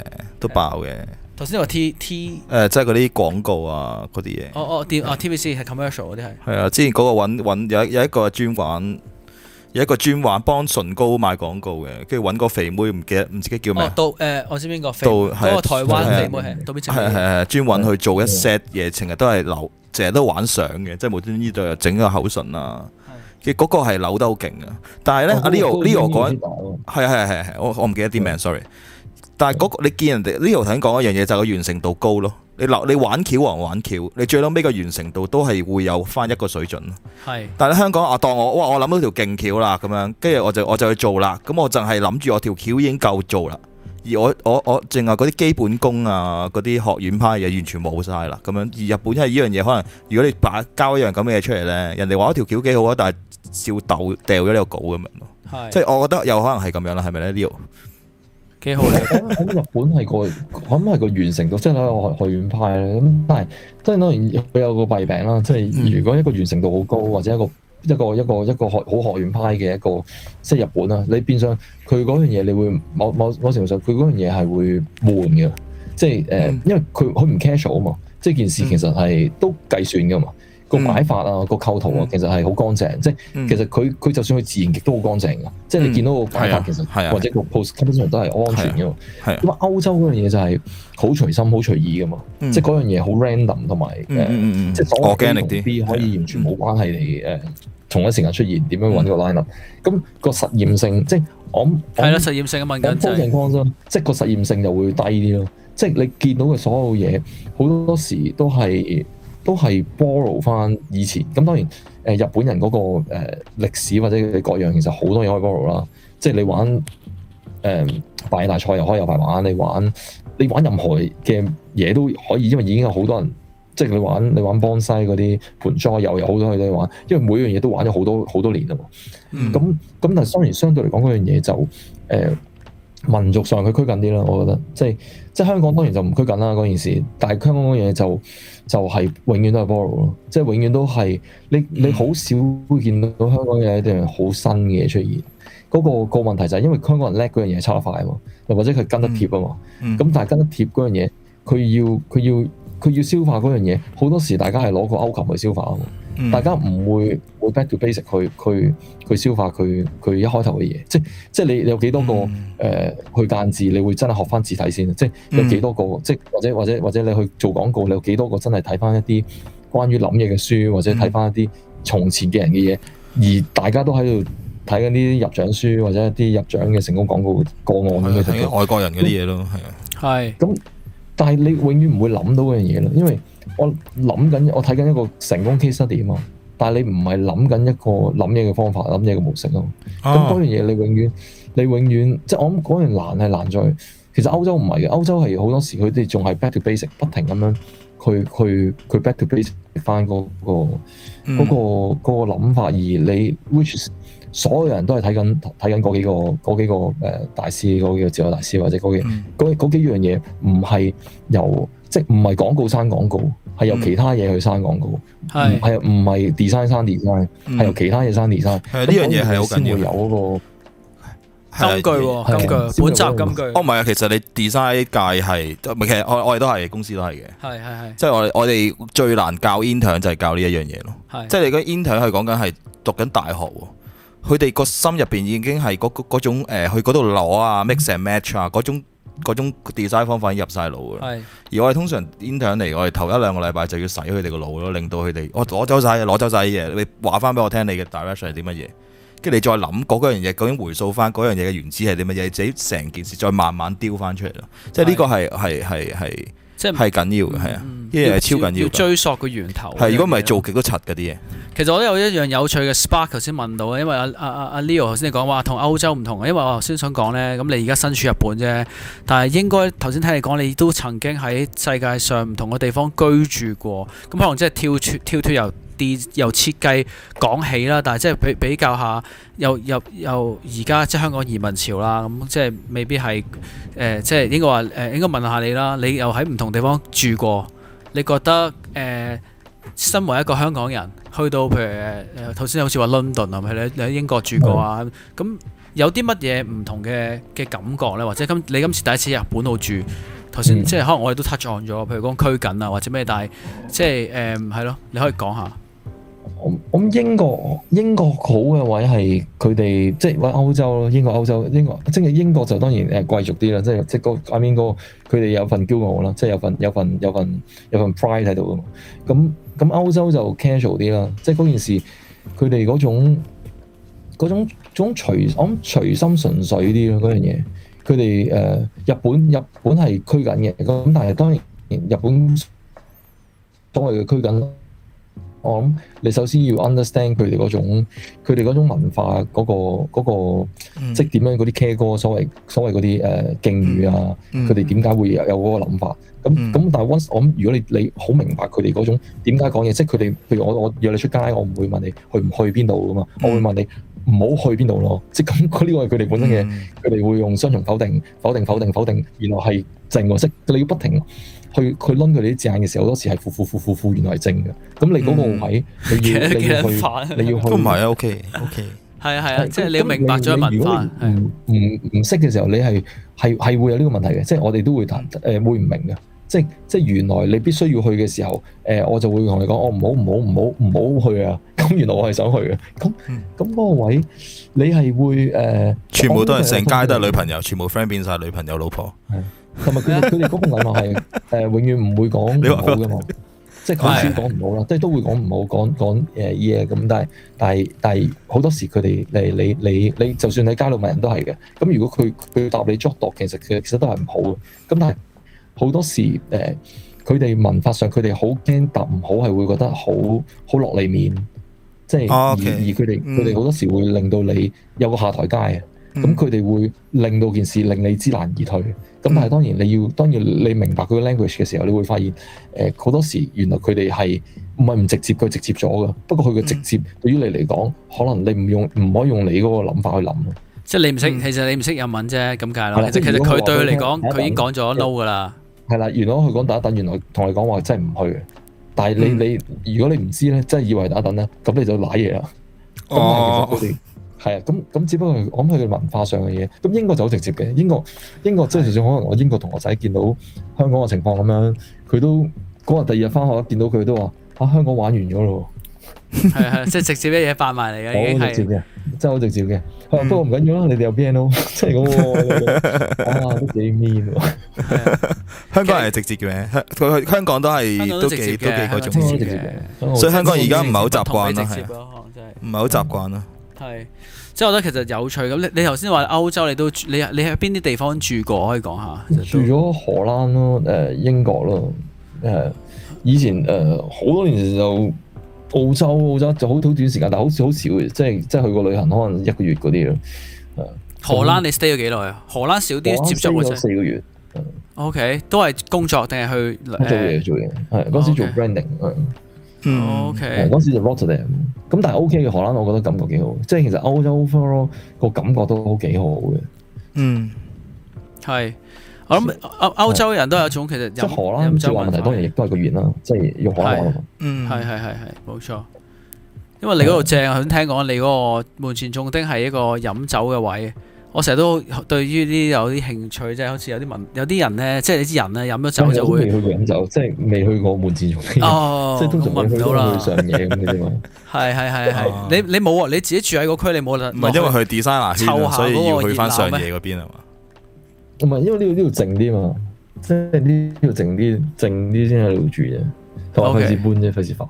都爆嘅。頭先話 T T 誒，即係嗰啲廣告啊，嗰啲嘢。哦哦，TVC 係 commercial 嗰啲係。係啊，之前嗰個揾揾有有一個專揾。有一個專玩幫唇膏賣廣告嘅，跟住揾個肥妹，唔記得唔知叫咩，哦？到，誒、呃，我知邊個？到係啊，到到到台灣肥妹係。到邊隻？係專運去做一 set 嘢，成日都係扭，成日都玩相嘅，即係無端端呢度又整個口唇啦。其實嗰個係扭得好勁的啊！但係咧，阿 Lio Lio 講緊係啊係係係，我我唔記得啲名，sorry。但係嗰、那個、你見人哋 Leo 頭先講一樣嘢就係個完成度高咯，你流你玩橋還玩橋，你最嬲尾個完成度都係會有翻一個水準咯。係是。但係香港啊，當我哇我諗到條勁橋啦咁樣，跟住我就我就去做啦，咁我就係諗住我條橋已經夠做啦，而我我我淨係嗰啲基本功啊，嗰啲學院派嘢完全冇晒啦，咁樣而日本因為呢樣嘢可能如果你把交一樣咁嘅嘢出嚟咧，人哋話一條橋幾好啊，但係笑鬥掉咗呢個稿咁樣咯。是即係我覺得有可能係咁樣啦，係咪咧 Leo？幾好咧！咁喺 日本係個，咁係個完成度，即係喺學學院派咧。咁但係，當然咧，佢有個弊病啦。即係如果一個完成度好高，或者一個一個一個一個，一個學好學院派嘅一個，即係日本啦。你變相佢嗰樣嘢，你會某某某程度上，佢嗰樣嘢係會悶嘅。即係誒，呃嗯、因為佢佢唔 casual 啊嘛。即係件事其實係、嗯、都計算噶嘛。個擺法啊，個構圖啊，其實係好乾淨，即係其實佢佢就算佢自然極都好乾淨噶，即係你見到個擺法其實或者個 post 基本上都係安全噶嘛。咁啊，歐洲嗰樣嘢就係好隨心好隨意噶嘛，即係嗰樣嘢好 random，同埋誒即係所有 A 同 B 可以完全冇關係嚟誒同一時間出現，點樣搵個 line 啊？咁個實驗性即係我係啦，實驗性嘅問題即係即係個實驗性就會低啲咯，即係你見到嘅所有嘢好多時都係。都係 borrow 翻以前，咁當然誒、呃、日本人嗰、那個誒、呃、歷史或者各樣，其實好多嘢可以 borrow 啦。即係你玩誒百、呃、大，大賽又可以有排玩，你玩你玩任何嘅嘢都可以，因為已經有好多人即係你玩你玩邦西嗰啲盆栽又有好多嘢可以玩，因為每樣嘢都玩咗好多好多年啦嘛。咁咁、嗯、但係雖然相對嚟講嗰樣嘢就誒、呃、民族上佢拘謹啲啦，我覺得即係。即係香港當然就唔拘緊啦嗰件事，但係香港嗰嘢就就係、是、永遠都係 borrow 咯，即係永遠都係你你好少會見到香港有啲好新嘅出現。嗰、那個個問題就係因為香港人叻嗰樣嘢抄得快啊嘛，又或者佢跟得貼啊嘛。咁但係跟得貼嗰樣嘢，佢要佢要佢要消化嗰樣嘢，好多時大家係攞個勾琴去消化嘛。大家唔會回 back to basic 去去去消化佢佢一開頭嘅嘢，即即係你你有幾多個誒、嗯呃、去間字，你會真係學翻字體先，即係有幾多個，嗯、即係或者或者或者你去做廣告，你有幾多個真係睇翻一啲關於諗嘢嘅書，或者睇翻一啲從前嘅人嘅嘢，而大家都喺度睇緊啲入獎書或者一啲入獎嘅成功廣告個案咁嘅嘢，外國人嗰啲嘢咯，係啊，係咁，但係你永遠唔會諗到嗰樣嘢咯，因為。我諗緊，我睇緊一個成功 case study 嘛，但係你唔係諗緊一個諗嘢嘅方法，諗嘢嘅模式咯。咁嗰樣嘢你永遠，你永遠，即係我諗嗰樣難係難在，其實歐洲唔係嘅，歐洲係好多時佢哋仲係 back to basic，不停咁樣去去去 back to basic 翻嗰，嗰個嗰、嗯嗰個嗰、嗰個諗法。而你 which 所有人都係睇緊睇緊嗰幾個嗰幾個誒大師，嗰幾個自我大師或者嗰幾嗰嗰、嗯、幾樣嘢，唔係由。即唔係廣告生廣告，係由其他嘢去生廣告。係係唔係 design 生 design，係由其他嘢生 design。係呢樣嘢係好緊要。先會有個金句，金句，本集金句。哦，唔係啊，其實你 design 界係，唔係其實我我哋都係公司都係嘅。係係係，即係我我哋最難教 intern 就係教呢一樣嘢咯。係，即係你個 intern 係講緊係讀緊大學喎，佢哋個心入邊已經係嗰嗰嗰種誒去嗰度攞啊 mix and match 啊嗰種。嗰種 design 方法已經入晒腦嘅啦，是而我哋通常 intern 嚟，我哋頭一兩個禮拜就要洗佢哋個腦咯，令到佢哋我攞走晒，攞走曬嘢。你話翻俾我聽，你嘅 direction 係啲乜嘢？跟住你再諗嗰樣嘢，究竟回溯翻嗰樣嘢嘅原子係啲乜嘢？你自己成件事再慢慢雕翻出嚟咯。是即係呢個係係係係。即係緊要嘅，係啊、嗯，呢樣係超緊要。要，要追溯個源頭。係的，如果唔係做極都柒嗰啲嘢。其實我都有一樣有趣嘅，Spark 頭先問到啊，因為阿阿阿 Lio 頭先你講話同歐洲唔同啊，因為我頭先想講呢，咁你而家身處日本啫，但係應該頭先聽你講，你都曾經喺世界上唔同嘅地方居住過，咁可能即係跳脱跳又。由設計講起啦，但係即係比比較下，又又又而家即係香港移民潮啦，咁即係未必係誒、呃，即係應該話誒，應該問下你啦。你又喺唔同地方住過，你覺得誒、呃，身為一個香港人，去到譬如誒頭先好似話倫敦啊，譬如你你喺英國住過啊，咁有啲乜嘢唔同嘅嘅感覺呢？或者今你今次第一次日本度住，頭先即係可能我哋都 touch on 咗，譬如講拘謹啊或者咩，但係即係誒係咯，你可以講下。我我英國英國好嘅位係佢哋即係話歐洲咯，英國歐洲英國即係英國就當然誒貴族啲啦，即係即係、那個阿邊哥佢哋有份驕傲啦，即係有份有份有份有份 pride 喺度噶嘛。咁咁歐洲就 casual 啲啦，即係嗰件事佢哋嗰種嗰種種隨我諗隨心純粹啲咯，嗰樣嘢佢哋誒日本日本係拘謹嘅咁，但係當然日本所謂嘅拘謹。我諗你首先要 understand 佢哋嗰種佢哋嗰種文化嗰、嗰個、嗰個嗯、即點樣嗰啲 keigo，所謂所謂嗰啲誒敬語啊，佢哋點解會有嗰個諗法？咁咁、嗯、但係 once 我諗如果你你好明白佢哋嗰種點解講嘢，即係佢哋譬如我我約你出街，我唔會問你去唔去邊度㗎嘛，嗯、我會問你唔好去邊度咯。即係咁呢個係佢哋本身嘅，佢哋、嗯、會用雙重否定、否定、否定、否定，原來係正我識你要不停。去佢拎佢哋啲證嘅時候，好多時係呼呼呼呼呼，原來係正嘅。咁你嗰個位，你要你要去，你要去都唔係啊。O K O K，係啊係啊，即係你明白咗文法。唔唔識嘅時候，你係係係會有呢個問題嘅、就是嗯呃呃，即係我哋都會談誒，會唔明嘅。即係即係原來你必須要去嘅時候，誒、呃，我就會同你講，我、喔、唔好唔好唔好唔好去啊。咁原來我係想去嘅。咁咁嗰個位，你係會誒，全部都係成街都係女朋友，全部 friend 變晒女朋友老婆。同埋佢佢哋嗰個禮貌係誒永遠唔會講唔好嘅嘛， 即係佢少講唔好啦，即係都會講唔好講講誒嘢咁。但係但係但係好多時佢哋誒你你你，你就算喺街路問人都係嘅。咁如果佢佢答你捉度」，其實佢其實都係唔好嘅。咁但係好多時誒，佢、呃、哋文法上佢哋好驚答唔好，係會覺得好好落嚟面，即係、oh, okay. 而而佢哋佢哋好多時會令到你有個下台階啊。咁佢哋會令到件事令你知難而退。咁但係當然你要當然你明白佢嘅 language 嘅時候，你會發現誒好多時原來佢哋係唔係唔直接佢直接咗噶。不過佢嘅直接對於你嚟講，可能你唔用唔可以用你嗰個諗法去諗即係你唔識，其實你唔識日文啫，咁解啦。其實其實佢對佢嚟講，佢已經講咗 no 噶啦。係啦，原來佢講第一等，原來同你講話真係唔去。但係你你如果你唔知咧，真係以為第一等咧，咁你就賴嘢啦。哦。係啊，咁咁，只不過我諗佢個文化上嘅嘢。咁英國就好直接嘅，英國英國即係就算可能我英國同學仔見到香港嘅情況咁樣，佢都嗰日第二日返學見到佢都話啊，香港玩完咗咯。係啊，即係直接乜嘢發埋嚟嘅已經係。好直接嘅，真係好直接嘅。不過唔緊要啦，你哋有 BNO 咯，即係咁喎。哇，都幾 mean。香港人係直接嘅咩？佢香港都係都幾都幾嗰種直接嘅。所以香港而家唔係好習慣啦，係唔係好習慣啦？係。即係我覺得其實有趣咁，你你頭先話歐洲，你都住你你喺邊啲地方住過？可以講下。住咗荷蘭咯，誒、呃、英國咯，係、呃。以前誒、呃、好多年前就澳洲，澳洲就好好短時間，但好似好少嘅，即係即係去過旅行，可能一個月嗰啲咯。荷蘭你 stay 咗幾耐啊？荷蘭少啲接觸嘅啫。四個月。呃、o、okay, K，都係工作定係去、呃、做嘢做嘢。係嗰時做 branding、哦。Okay. OK 嗰時就 lost 咗佢哋。咁但係 OK 嘅荷蘭，我覺得感覺幾好。即係其實歐洲風咯，個感覺都幾好嘅。嗯，係。我諗歐歐洲人都有一種其實即係荷蘭唔知話問題，當然亦都係個源啦，即係用荷蘭。嗯是，係係係係，冇錯。因為你嗰度正，是聽講你嗰個門前重丁係一個飲酒嘅位。我成日都對於呢啲有啲興趣，即係好似有啲文有啲人咧，即係你知人咧飲咗酒就會去過飲酒，即係未去過滿字哦，即係常去聞唔到啦。係係係係，你你冇，你自己住喺個區，你冇就唔係因為佢 designer 圈，所以要去翻上野嗰邊啊嘛？唔係因為呢度呢度靜啲嘛，即係呢度靜啲靜啲先喺度住嘅，同 Okay. 費事搬啫，費事煩。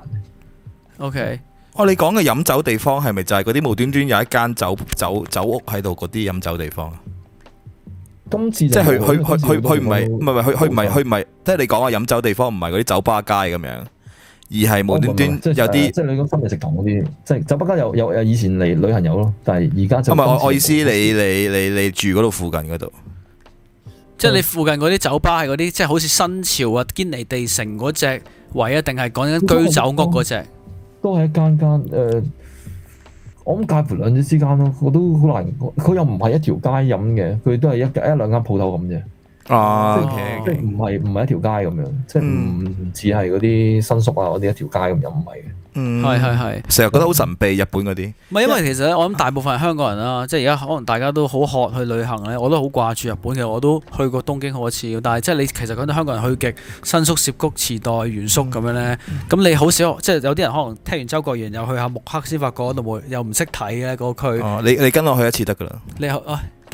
O K。我、哦、你講嘅飲酒地方係咪就係嗰啲無端端有一間酒酒酒屋喺度嗰啲飲酒地方？今次、就係、即係去去去去唔係唔係去去唔係去唔係，嗯、即係你講啊飲酒地方唔係嗰啲酒吧街咁樣，而係無端端有啲、嗯嗯嗯、即係、呃、你講深夜食堂嗰啲，即係酒吧街有有，有以前嚟旅行友咯，但係而家就唔係、嗯、我我意思你，你你你你住嗰度附近嗰度，嗯、即係你附近嗰啲酒吧係嗰啲即係好似新潮啊堅尼地城嗰隻唯一定係講緊居酒屋嗰隻？都係一間間，誒、呃，我諗介乎兩者之間咯。我都好難，佢又唔係一條街飲嘅，佢都係一,一,一間一兩間鋪頭咁啫。啊，唔係唔係一條街咁樣，即係唔似係嗰啲新宿啊嗰啲一條街咁又唔係嘅。嗯，係成日覺得好神秘，日本嗰啲。唔係因為其實我諗大部分係香港人啦，即係而家可能大家都好渴去旅行咧，我都好掛住日本嘅，我都去過東京好多次。但係即係你其實講到香港人去極，新宿、涉谷、池袋、原宿咁樣咧，咁你好少，即係有啲人可能聽完周國賢又去下木克先發覺度冇，又唔識睇嘅嗰區。你你跟我去一次得㗎啦。你去。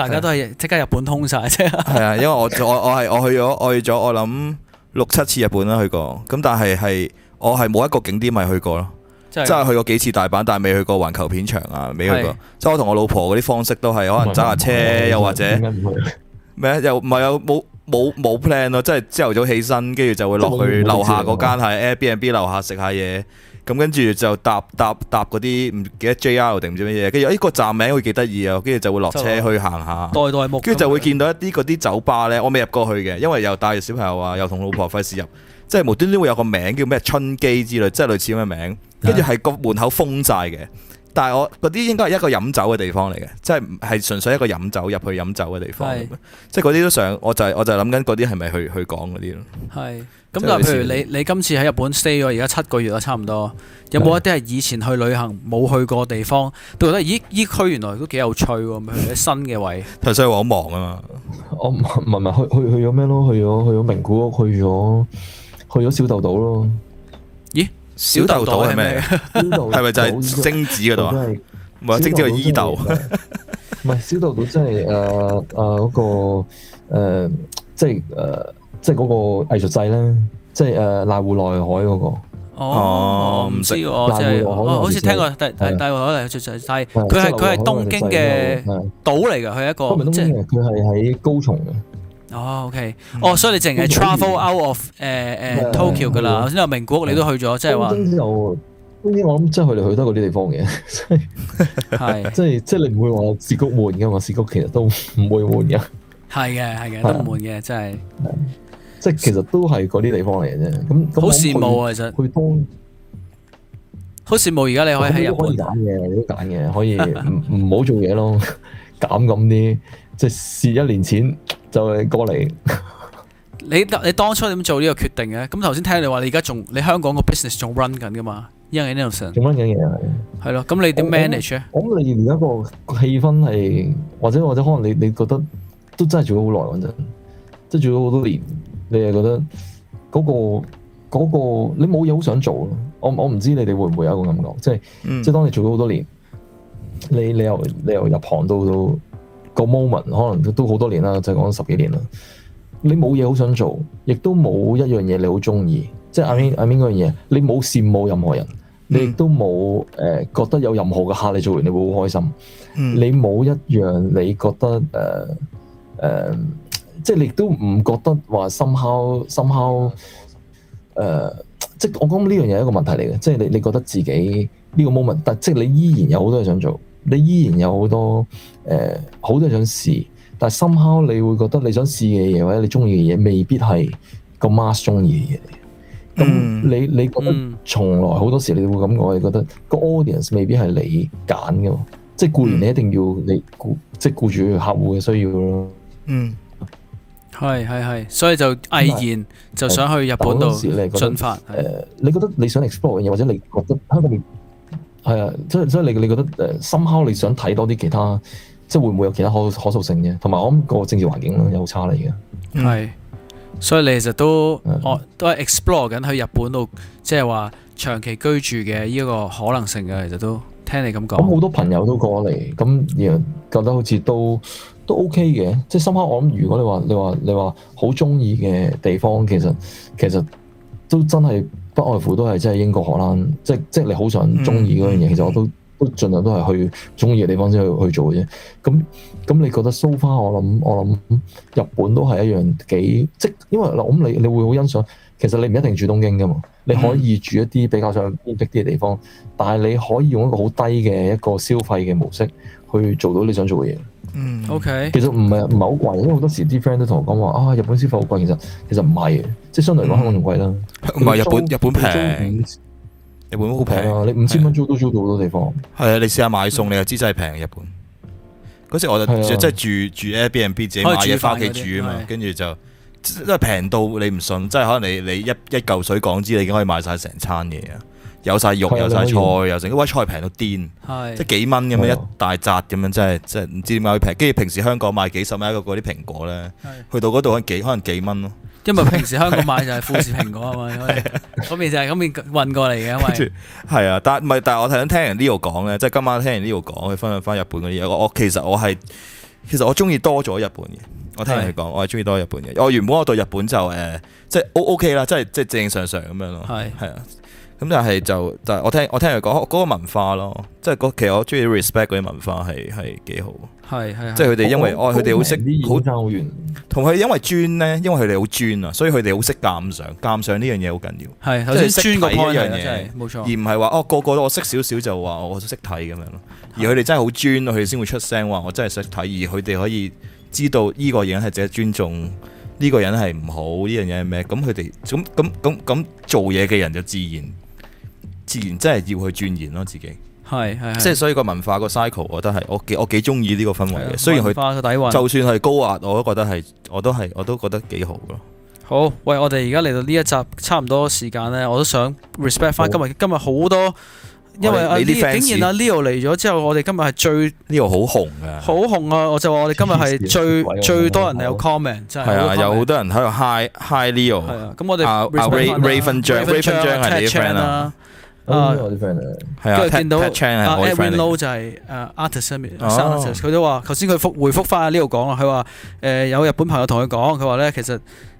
大家都係即刻日本通晒啫，係 啊！因為我我我係我去咗我去咗我諗六七次日本啦，去過咁，但係係我係冇一個景點咪去過咯，即係是 去過幾次大阪，但係未去過環球片場啊，未去過。即係是 我同我老婆嗰啲方式都係可能揸下車，又或者咩又唔係有冇冇冇 plan 咯？即係朝頭早起身，跟住就會落去樓下嗰間係 Airbnb 樓下食下嘢。咁跟住就搭搭搭嗰啲唔記得 JR 定唔知乜嘢，跟住哎、個站名會幾得意啊，跟住就會落車去行下，代代木，跟住就會見到一啲嗰啲酒吧咧，我未入過去嘅，因為又帶住小朋友啊，又同老婆費事入，即係無端端會有個名叫咩春姬之類，即係類似咁嘅名，跟住係個門口封晒嘅。但係我嗰啲應該係一個飲酒嘅地方嚟嘅，即係係純粹一個飲酒入去飲酒嘅地方。是即係嗰啲都想，我就係、是、我就係諗緊嗰啲係咪去去講嗰啲咯。係。咁就譬如你你今次喺日本 stay 咗而家七個月啦，差唔多。有冇一啲係以前去旅行冇去過地方，是都覺得咦依區原來都幾有趣喎？咩 新嘅位？所以我好忙啊。我唔唔去去咗咩咯？去咗去咗名古屋，去咗去咗小豆島咯。小豆島係咩？係咪就係貞子嗰度啊？唔係貞子，係伊豆。唔係小豆島，即係誒誒嗰個誒，即係誒即係嗰個藝術祭咧，即係誒瀨戶內海嗰個。哦，唔知我即係好似聽過，大但瀨戶內海藝術祭，但係佢係佢係東京嘅島嚟嘅，佢係一個即係佢係喺高松嘅。哦，OK，哦，所以你淨係 travel out of 誒誒東京㗎啦，先嚟名古屋，你都去咗，即係話。冬天我，冬天我諗，即係佢哋去多嗰啲地方嘅，係，即係即係你唔會話試谷悶嘅，我試谷其實都唔會悶嘅。係嘅，係嘅，都唔悶嘅，真係。即係其實都係嗰啲地方嚟嘅啫。咁咁好羨慕啊，其實。去當。好羨慕而家你可以喺日本揀嘅，你都揀嘅可以唔唔好做嘢咯，減咁啲。即係一年前就係、過嚟。 你你當初點做呢個決定嘅？咁頭先聽你話，你而家仲你香港個 business 仲 run 緊噶嘛？因為呢度先。仲 run 緊嘢啊？係咯。咁你點 manage 咧？咁你而家個氣氛係，或者或者可能你你覺得都真係做咗好耐嗰陣，即係做咗好多年，你又覺得嗰、嗰個嗰、嗰個你冇嘢好想做。我我唔知你哋會唔會有一個感覺，即係、嗯、即係當你做咗好多年，你你又你又入行到。都。個 moment 可能都好多年啦，就講、是、十幾年啦。你冇嘢好想做，亦都冇一樣嘢你好中意。即係阿明阿 m i 嗰樣嘢，你冇羨慕任何人，你亦都冇誒覺得有任何嘅客你做完，你會好開心。嗯、你冇一樣你覺得誒誒、呃呃，即係你亦都唔覺得話深烤深烤誒。即係我講呢樣嘢係一個問題嚟嘅，即係你你覺得自己呢個 moment，但即係你依然有好多嘢想做。你依然有好多誒好、呃、多人想試，但係 somehow 你會覺得你想試嘅嘢或者你中意嘅嘢未必係個 mass 中意嘅嘢。咁、嗯、你你覺得從來好、嗯、多時你會咁講，你覺得個 audience 未必係你揀嘅，嗯、即係固然你一定要你顧，即係顧住客戶嘅需要咯。嗯，係係係，所以就毅然為就想去日本度、嗯、進發。誒，uh, 你覺得你想 explore 嘅嘢，或者你覺得香係啊，即係所以你你覺得誒、呃、深烤你想睇多啲其他，即係會唔會有其他可可塑性嘅？同埋我諗個政治環境咧又好差啦而家。係，所以你其實都我、啊哦、都係 explore 緊去日本度，即係話長期居住嘅呢個可能性嘅，其實都聽你咁講。咁好多朋友都過嚟，咁又覺得好似都都 OK 嘅。即係深烤我諗，如果你話你話你話好中意嘅地方，其實其實都真係。不外乎都係即係英國、荷蘭，即即係你好想中意嗰樣嘢，嗯、其實我都都盡量都係去中意嘅地方先去去做嘅啫。咁咁，你覺得 so far？我諗我諗日本都係一樣幾即，因為咁你你會好欣賞。其實你唔一定住東京㗎嘛，你可以住一啲比較想偏僻啲嘅地方，嗯、但係你可以用一個好低嘅一個消費嘅模式去做到你想做嘅嘢。嗯，OK。其實唔係唔係好貴，因為好多時啲 friend 都同我講話啊，日本消費好貴，其實其實唔係嘅。相對嚟講，香港仲貴啦。唔係日本，日本平，日本好平啊！的你五千蚊租都租到好多地方。係啊，你試下買餸，你就知真係平日本。嗰時我就即係住的住，住 Airbnb，自己買嘢翻屋企煮啊嘛。跟住的就因為平到你唔信，即係可能你你一一嚿水港紙，你已經可以買晒成餐嘢啊！有晒肉，有晒菜，又剩的。啲餸，菜平到癲，的即係幾蚊咁樣的一大紮咁樣，真係真係唔知點解會平。跟住平時香港買幾十蚊一個啲蘋果咧，去到嗰度可能幾可能幾蚊咯。因為平時香港買就係富士蘋果啊嘛，嗰邊 就係咁邊運過嚟嘅。係 啊，但係但係我係想聽 Lio 講咧，即係今晚聽 Lio 講，佢分享翻日本嗰啲嘢。我其實我係，其實我中意多咗日本嘅。我聽人講，我係中意多日本嘅。是的 我原本我到日本就誒、呃，即係 O O K 啦，即係即係正常常咁樣咯。係係啊。咁但係就，但係我聽我聽佢講嗰個文化咯，即係嗰其實我中意 respect 嗰啲文化係係幾好，係係，即係佢哋因為哦佢哋好識好真好同佢因為專咧，因為佢哋好專啊，所以佢哋好識鑑賞，鑑賞呢樣嘢好緊要，係首先專個開嘅嘢，冇錯，而唔係話哦個個都點點我識少少就話我識睇咁樣咯，而佢哋真係好專，佢哋先會出聲話我真係識睇，而佢哋可以知道呢個嘢係值得尊重，呢個人係唔好，呢樣嘢係咩？咁佢哋咁咁咁咁做嘢嘅人就自然。自然真係要去轉型咯，自己係係，即係所以個文化個 cycle，我覺得係我幾我幾中意呢個氛圍嘅。雖然佢就算係高壓，我都覺得係，我都係我都覺得幾好㗎。好，喂，我哋而家嚟到呢一集差唔多時間咧，我都想 respect 翻今日今日好多，因為阿 Leo 竟然阿 Leo 嚟咗之後，我哋今日係最 Leo 好紅嘅，好紅啊！我就話我哋今日係最最多人有 comment，真係有好多人喺度 high high Leo，咁我哋阿 Ray Finn 張 Ray Finn 張係你啲 friend 啊。啊，跟住、嗯、見到，啊，at n l o w 就係佢都話，頭先佢覆回覆翻喺呢度講啊。佢話誒有日本朋友同佢講，佢話咧其實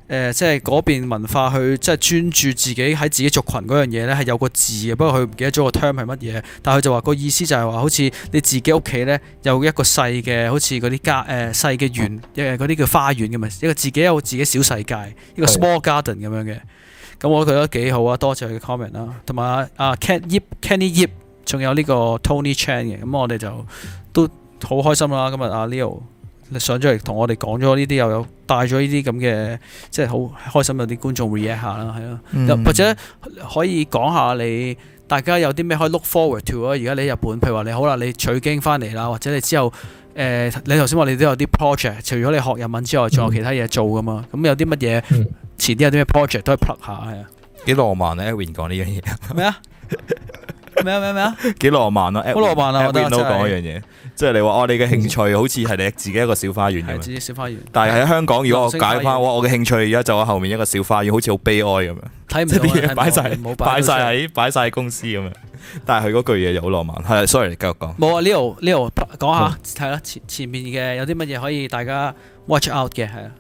誒即係嗰邊文化去即係專注自己喺自己族群嗰樣嘢咧係有個字嘅，不過佢唔記得咗個 term 係乜嘢，但係佢就話個意思就係話好似你自己屋企咧有一個細嘅，好似嗰啲家誒細嘅園，嗰、呃、啲叫花園嘅嘛，一個自己有自己小世界，嗯、一個 small garden 咁的樣嘅。咁我覺得幾好啊，多謝佢嘅 comment 啦，同埋啊 Kenny Yip 仲有呢個 Tony Chan 嘅，咁我哋就都好開心啦。今日阿、啊、Leo 上咗嚟同我哋講咗呢啲又有帶咗呢啲咁嘅，即係好開心有啲觀眾 react 下啦，係啊，嗯、或者可以講下你大家有啲咩可以 look forward to 啊？而家你喺日本，譬如話你好啦，你取經翻嚟啦，或者你之後誒、呃，你頭先話你都有啲 project，除咗你學日文之外，仲有其他嘢做噶嘛？咁、嗯、有啲乜嘢？嗯前啲有啲咩 project 都係 plug 下，係啊，幾浪漫啊 Evan 講呢樣嘢，咩啊？咩咩咩啊？幾浪漫啊！好浪漫啊！Evan 都講一樣嘢，即係你話我哋嘅興趣好似係你自己一個小花園咁，係自己小花園。但係喺香港，如果我解翻我嘅興趣，而家就喺後面一個小花園，好似好悲哀咁樣，睇唔到嘢擺曬，擺晒喺擺晒公司咁樣。但係佢嗰句嘢就好浪漫，係。Sorry，繼續講。冇啊 Lio，Lio，e 講下係啦，前前面嘅有啲乜嘢可以大家 watch out 嘅係啊。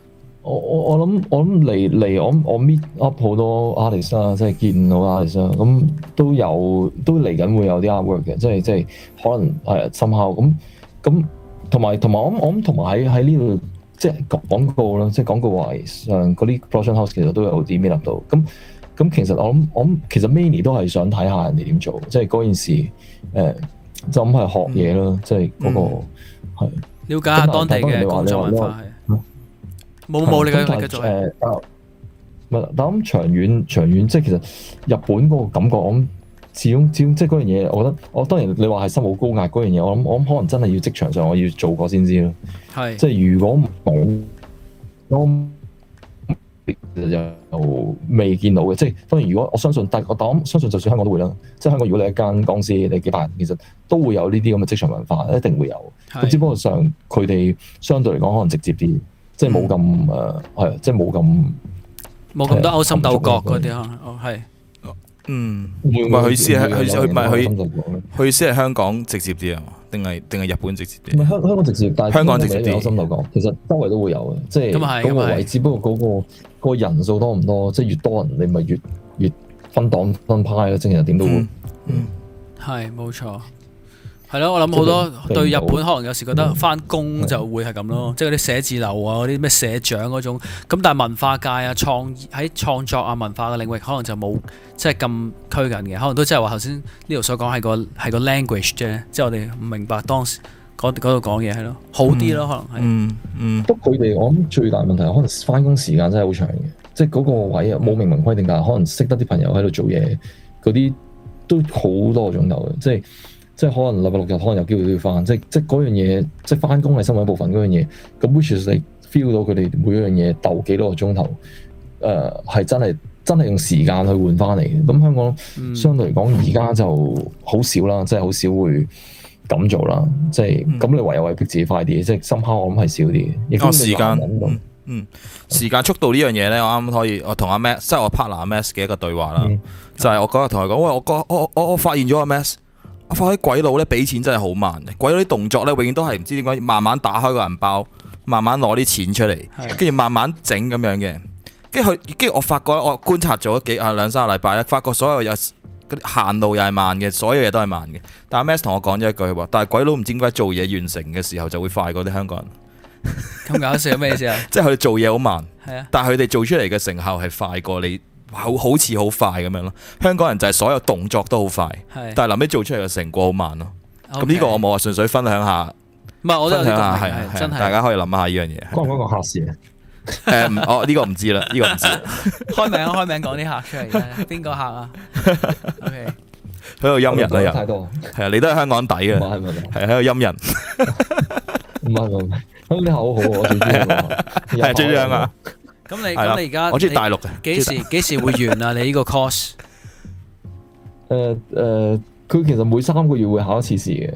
我我我諗我諗嚟嚟我我 meet up 好多 artist 啦，即係見到 artist 啦，咁都有都嚟緊會有啲 artwork 嘅，即係即係可能係深交咁咁同埋同埋我我諗同埋喺喺呢度即係講廣告啦，即係廣告位上嗰啲 production house 其實都有啲 meet up 到，咁咁其實我我其實 many 都係想睇下人哋點做，即係嗰件事誒、欸、就唔、是、係學嘢啦，嗯、即係嗰、那個係瞭、嗯、是解下拿當地嘅冇冇你咁嘅做，誒，唔係諗長遠長遠，即係其實日本嗰個感覺，我諗始終，始終即係嗰樣嘢，我覺得，我當然你話係心好高壓嗰樣嘢，我諗我諗可能真係要職場上我要做過先知咯，係是，即係如果冇，咁又未見到嘅，即係當然如果我相信，但我當相信，就算香港都會啦，即係香港如果你一間公司你幾百人，其實都會有呢啲咁嘅職場文化，一定會有，是只不過上佢哋相對嚟講可能直接啲。即係冇咁誒，係、嗯啊，即係冇咁冇咁多勾心鬥角嗰啲、嗯啊、哦，係，嗯，唔係佢先係佢佢唔係佢香港，佢先係香港直接啲啊，定係定係日本直接啲？唔係香香港直接，但係香港直接啲勾心鬥角，其實周圍都會有嘅，嗯、即係咁係咁係。只不,不過嗰個個人數多唔多，即係越多人你咪越越,越分黨分派咯。正常點都會，嗯，係冇錯。係咯，我諗好多對日本可能有時覺得翻工就會係咁咯，嗯、即係嗰啲寫字樓啊，嗰啲咩社長嗰種。咁但係文化界啊，創喺創作啊，文化嘅領域可能就冇即係咁拘謹嘅。可能都即係話頭先呢度所講係個係個 language 啫，即係我哋唔明白當時嗰度講嘢係咯，好啲咯可能。嗯嗯。不過佢哋我諗最大問題可能翻工時間真係好長嘅，即係嗰個位啊冇明文規定，但可能識得啲朋友喺度做嘢嗰啲都好多種頭即係。就是即係可能禮拜六日可能有機會都要翻，即係即係嗰樣嘢，即係翻工係生活一部分嗰樣嘢。咁 which is 你 feel 到佢哋每一樣嘢鬥幾多個鐘頭。誒、呃、係真係真係用時間去換翻嚟嘅。咁香港相對嚟講而家就好少啦，嗯、即係好少會咁做啦。嗯、即係咁你唯有逼自己快啲，即係深刻我諗係少啲嘅啊。時間嗯，嗯時間速度呢樣嘢咧，我啱啱可以我同阿 Matt 即係我 partner 阿 Matt 嘅一個對話啦，嗯、就係我嗰日同佢講，喂我我我我，我發現咗阿 Matt。我發覺鬼佬咧俾錢真係好慢，鬼佬啲動作咧永遠都係唔知點解慢慢打開個銀包，慢慢攞啲錢出嚟，跟住慢慢整咁樣嘅。跟住佢，跟住我發覺我觀察咗幾啊兩三個禮拜咧，發覺所有嘢啲行路又係慢嘅，所有嘢都係慢嘅。但係 Mas 同我講咗一句話，但係鬼佬唔知點解做嘢完成嘅時候就會快過啲香港人。咁搞笑咩意思啊？即係佢做嘢好慢，係啊，但係佢哋做出嚟嘅成效係快過你。好似好快咁樣咯，香港人就係所有動作都好快，但係臨尾做出嚟嘅成果好慢咯。咁呢個我冇話，純粹分享下。唔係，我都係啊，係真係。大家可以諗下呢樣嘢。講唔講客事啊？呢個唔知啦，呢個唔知。開名啊，開名講啲客出嚟邊個客啊？喺度陰人啊！太多。係啊，你都係香港底嘅，係喺度陰人。唔係你好好啊！係最樣啊！咁你咁你而家我住大陸嘅，幾時幾時會完啊？你呢個 course？誒誒，佢、呃、其實每三個月會考一次試嘅。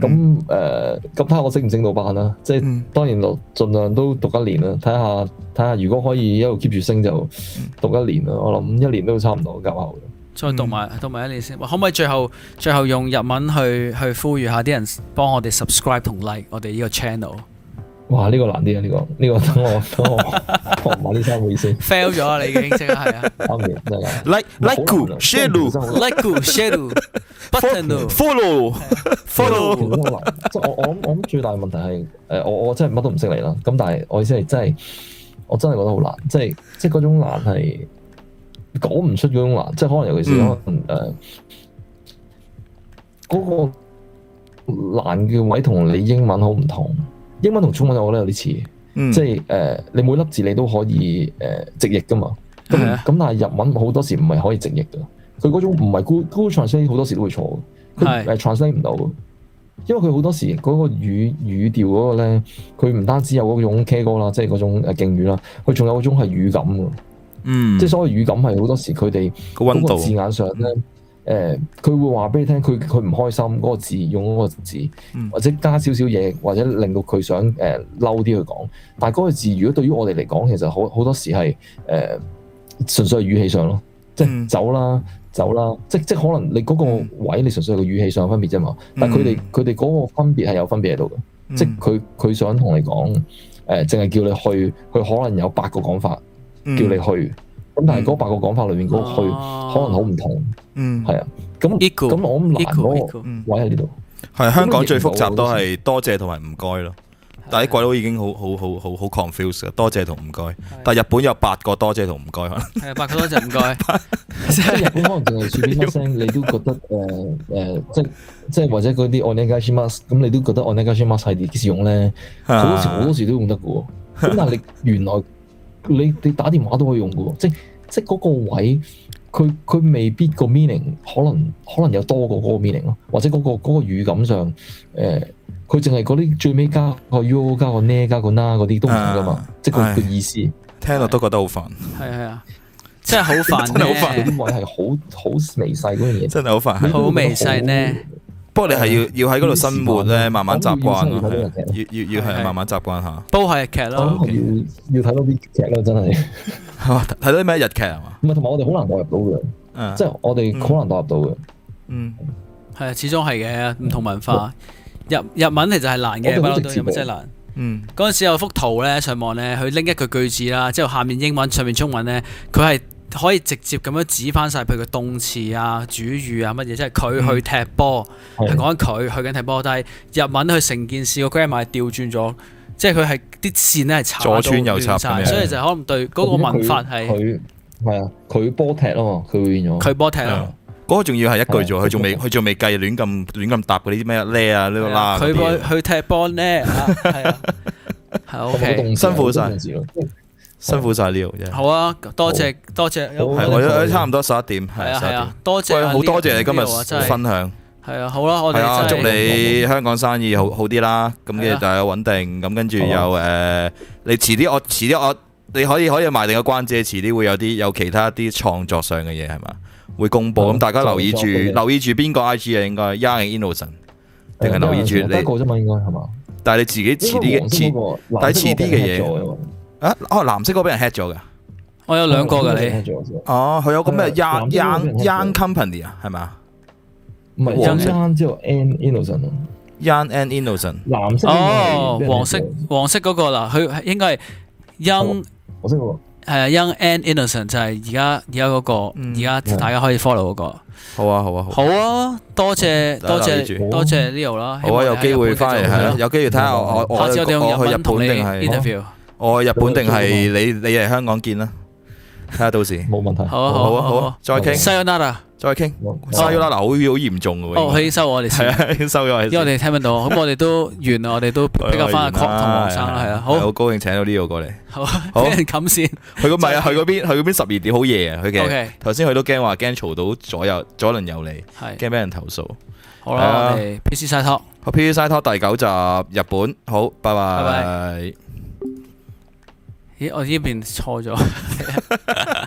咁誒、嗯嗯，睇下我升唔升到班啦？即係當然就盡量都讀一年啦。睇下睇下，看看如果可以一路 keep 住升就讀一年啦。我諗一年都差唔多教好嘅。嗯、再讀埋讀埋一年先。可唔可以最後最後用日文去去呼籲下啲人幫我哋 subscribe 同 like 我哋呢個 channel？哇！呢個難啲啊，呢個呢個等我等我買三衫意思 fail 咗啊！你已經識啊，係啊。Like like who? Shadow like who? Shadow follow follow。即係我我我最大嘅問題係誒，我我真係乜都唔識嚟啦。咁但係我意思係真係，我真係覺得好難。即係即係嗰種難係講唔出嗰種難。即係可能尤其是可能誒，嗰個難嘅位同你英文好唔同。英文同中文我咧有啲似，嗯、即係誒、uh, 你每粒字你都可以誒、uh, 直譯㗎嘛，咁咁的但係日文好多時唔係可以直譯㗎，佢嗰種唔係高高 t r a n s l a t e 好多時都會錯，誒、uh, t r a n s l a t e 唔到，因為佢好多時嗰個語語調嗰個咧，佢唔單止有嗰種 k 歌啦，即係嗰種敬語啦，佢仲有嗰種係語感㗎，嗯、即係所謂語感係好多時佢哋嗰個字眼上咧。嗯誒，佢、呃、會話俾你聽，佢佢唔開心嗰、嗰個字，用嗰個字，或者加少少嘢，或者令到佢想誒嬲啲去講。但係嗰個字，如果對於我哋嚟講，其實好好多時係誒、呃、純粹係語氣上咯，即係走啦，走啦，即即可能你嗰個位，你純粹係個語氣上分、嗯、分有分別啫嘛。但係佢哋佢哋嗰個分別係有分別喺度嘅，即係佢佢想同你講誒，淨、呃、係叫你去，佢可能有八個講法叫你去。嗯。咁但係嗰八個講法裏面，嗰去可能好唔同，嗯，係啊，咁咁我咁難嗰位喺呢度，係香港最複雜都係多謝同埋唔該咯。但係啲鬼佬已經好好好好好 confuse 嘅多謝同唔該。但係日本有八個多謝同唔該，係啊，八個多謝唔該。即係日本可能淨係少啲乜聲，你都覺得誒誒，即係即係或者嗰啲お願いします，咁你都覺得お願いします係幾時用咧？好多時好多時都用得嘅喎。咁但係你原來。你你打電話都可以用嘅喎，即即嗰個位，佢佢未必個 meaning 可能可能有多過嗰個 meaning 咯，或者嗰個嗰個語感上，誒、呃，佢淨係嗰啲最尾加個 yo 加個 ne 加個 na 嗰啲都唔同噶嘛，啊、即嗰個意思，唉聽落都覺得好煩，係係啊，即係好煩，好煩，啲位係好好微細嗰樣嘢，真係好煩，好微細呢。不過你係要要喺嗰度生活咧，慢慢習慣、嗯、要要要係慢慢習慣下。都係劇咯，要要睇到啲劇咯，真係。睇 到啲咩日劇係嘛？唔係，同埋我哋好難代入到嘅，即係我哋好難代入到嘅，嗯，係啊，嗯嗯、始終係嘅，唔同文化。嗯、日日文其實係難嘅，不嬲都，有乜難？嗯。嗰陣時有幅圖咧，上網咧，佢拎一句句，句子啦，之後下面英文，上面中文咧，佢係。可以直接咁樣指翻晒佢嘅動詞啊、主語啊乜嘢，即係佢去踢波，係講緊佢去緊踢波。但係日文佢成件事個 grammar 係調轉咗，即係佢係啲線咧係左穿右插，所以就可能對嗰個文法係佢係啊，佢波踢啊嘛，佢變咗。佢波踢啊，嗰個仲要係一句啫，佢仲未，佢仲未計亂咁亂咁答啲咩咧啊呢個啦。佢去踢波咧，係啊，辛苦晒。辛苦曬了，好啊，多謝多謝，我差唔多十一點，係啊係啊，多謝好多謝你今日分享，係啊好啦，我哋祝你香港生意好好啲啦，咁嘅就穩定，咁跟住又誒，你遲啲我遲啲我你可以可以賣定個關子，遲啲會有啲有其他啲創作上嘅嘢係嘛，會公佈，咁大家留意住留意住邊個 IG 啊，應該 Young Innocent 定係留意住你一個啫嘛，應該係嘛？但係你自己遲啲嘅遲，但係遲啲嘅嘢，哦，藍色嗰個俾人 hit 咗嘅，我有兩個嘅你，哦，佢有個咩 Young Company 啊，係咪？唔係黃色之後 and Innocent，Young and Innocent，藍哦，黃色黃色嗰個啦，佢應該係 Young，黃色係啊 Young and Innocent 就係而家而家嗰個，而家大家可以 follow 嗰個，好啊好啊好啊，多謝多謝多謝 Lio 啦，好啊有機會翻嚟係啦，有機會睇下我我我個去日本定係。我日本定係你？你係香港見啦，睇下到時冇問題。好啊，好啊，好，啊，再傾。Shyona 啊，再傾。Shyona 嗱，好，好嚴重嘅喎。我我先收我哋收咗。因為我哋聽唔到。咁我哋都完啦，我哋都比較翻阿 Kong 同黃生啦，係啊。好，好高興請到呢個過嚟。好，好，冚線。去嗰咪啊？去嗰邊？去嗰邊十二點好夜啊！佢嘅。頭先佢都驚話驚嘈到左右左鄰右里，驚俾人投訴。好啦，P C SideTalk。好 P C SideTalk 第九集，日本。好，拜拜。咦，我呢邊錯咗。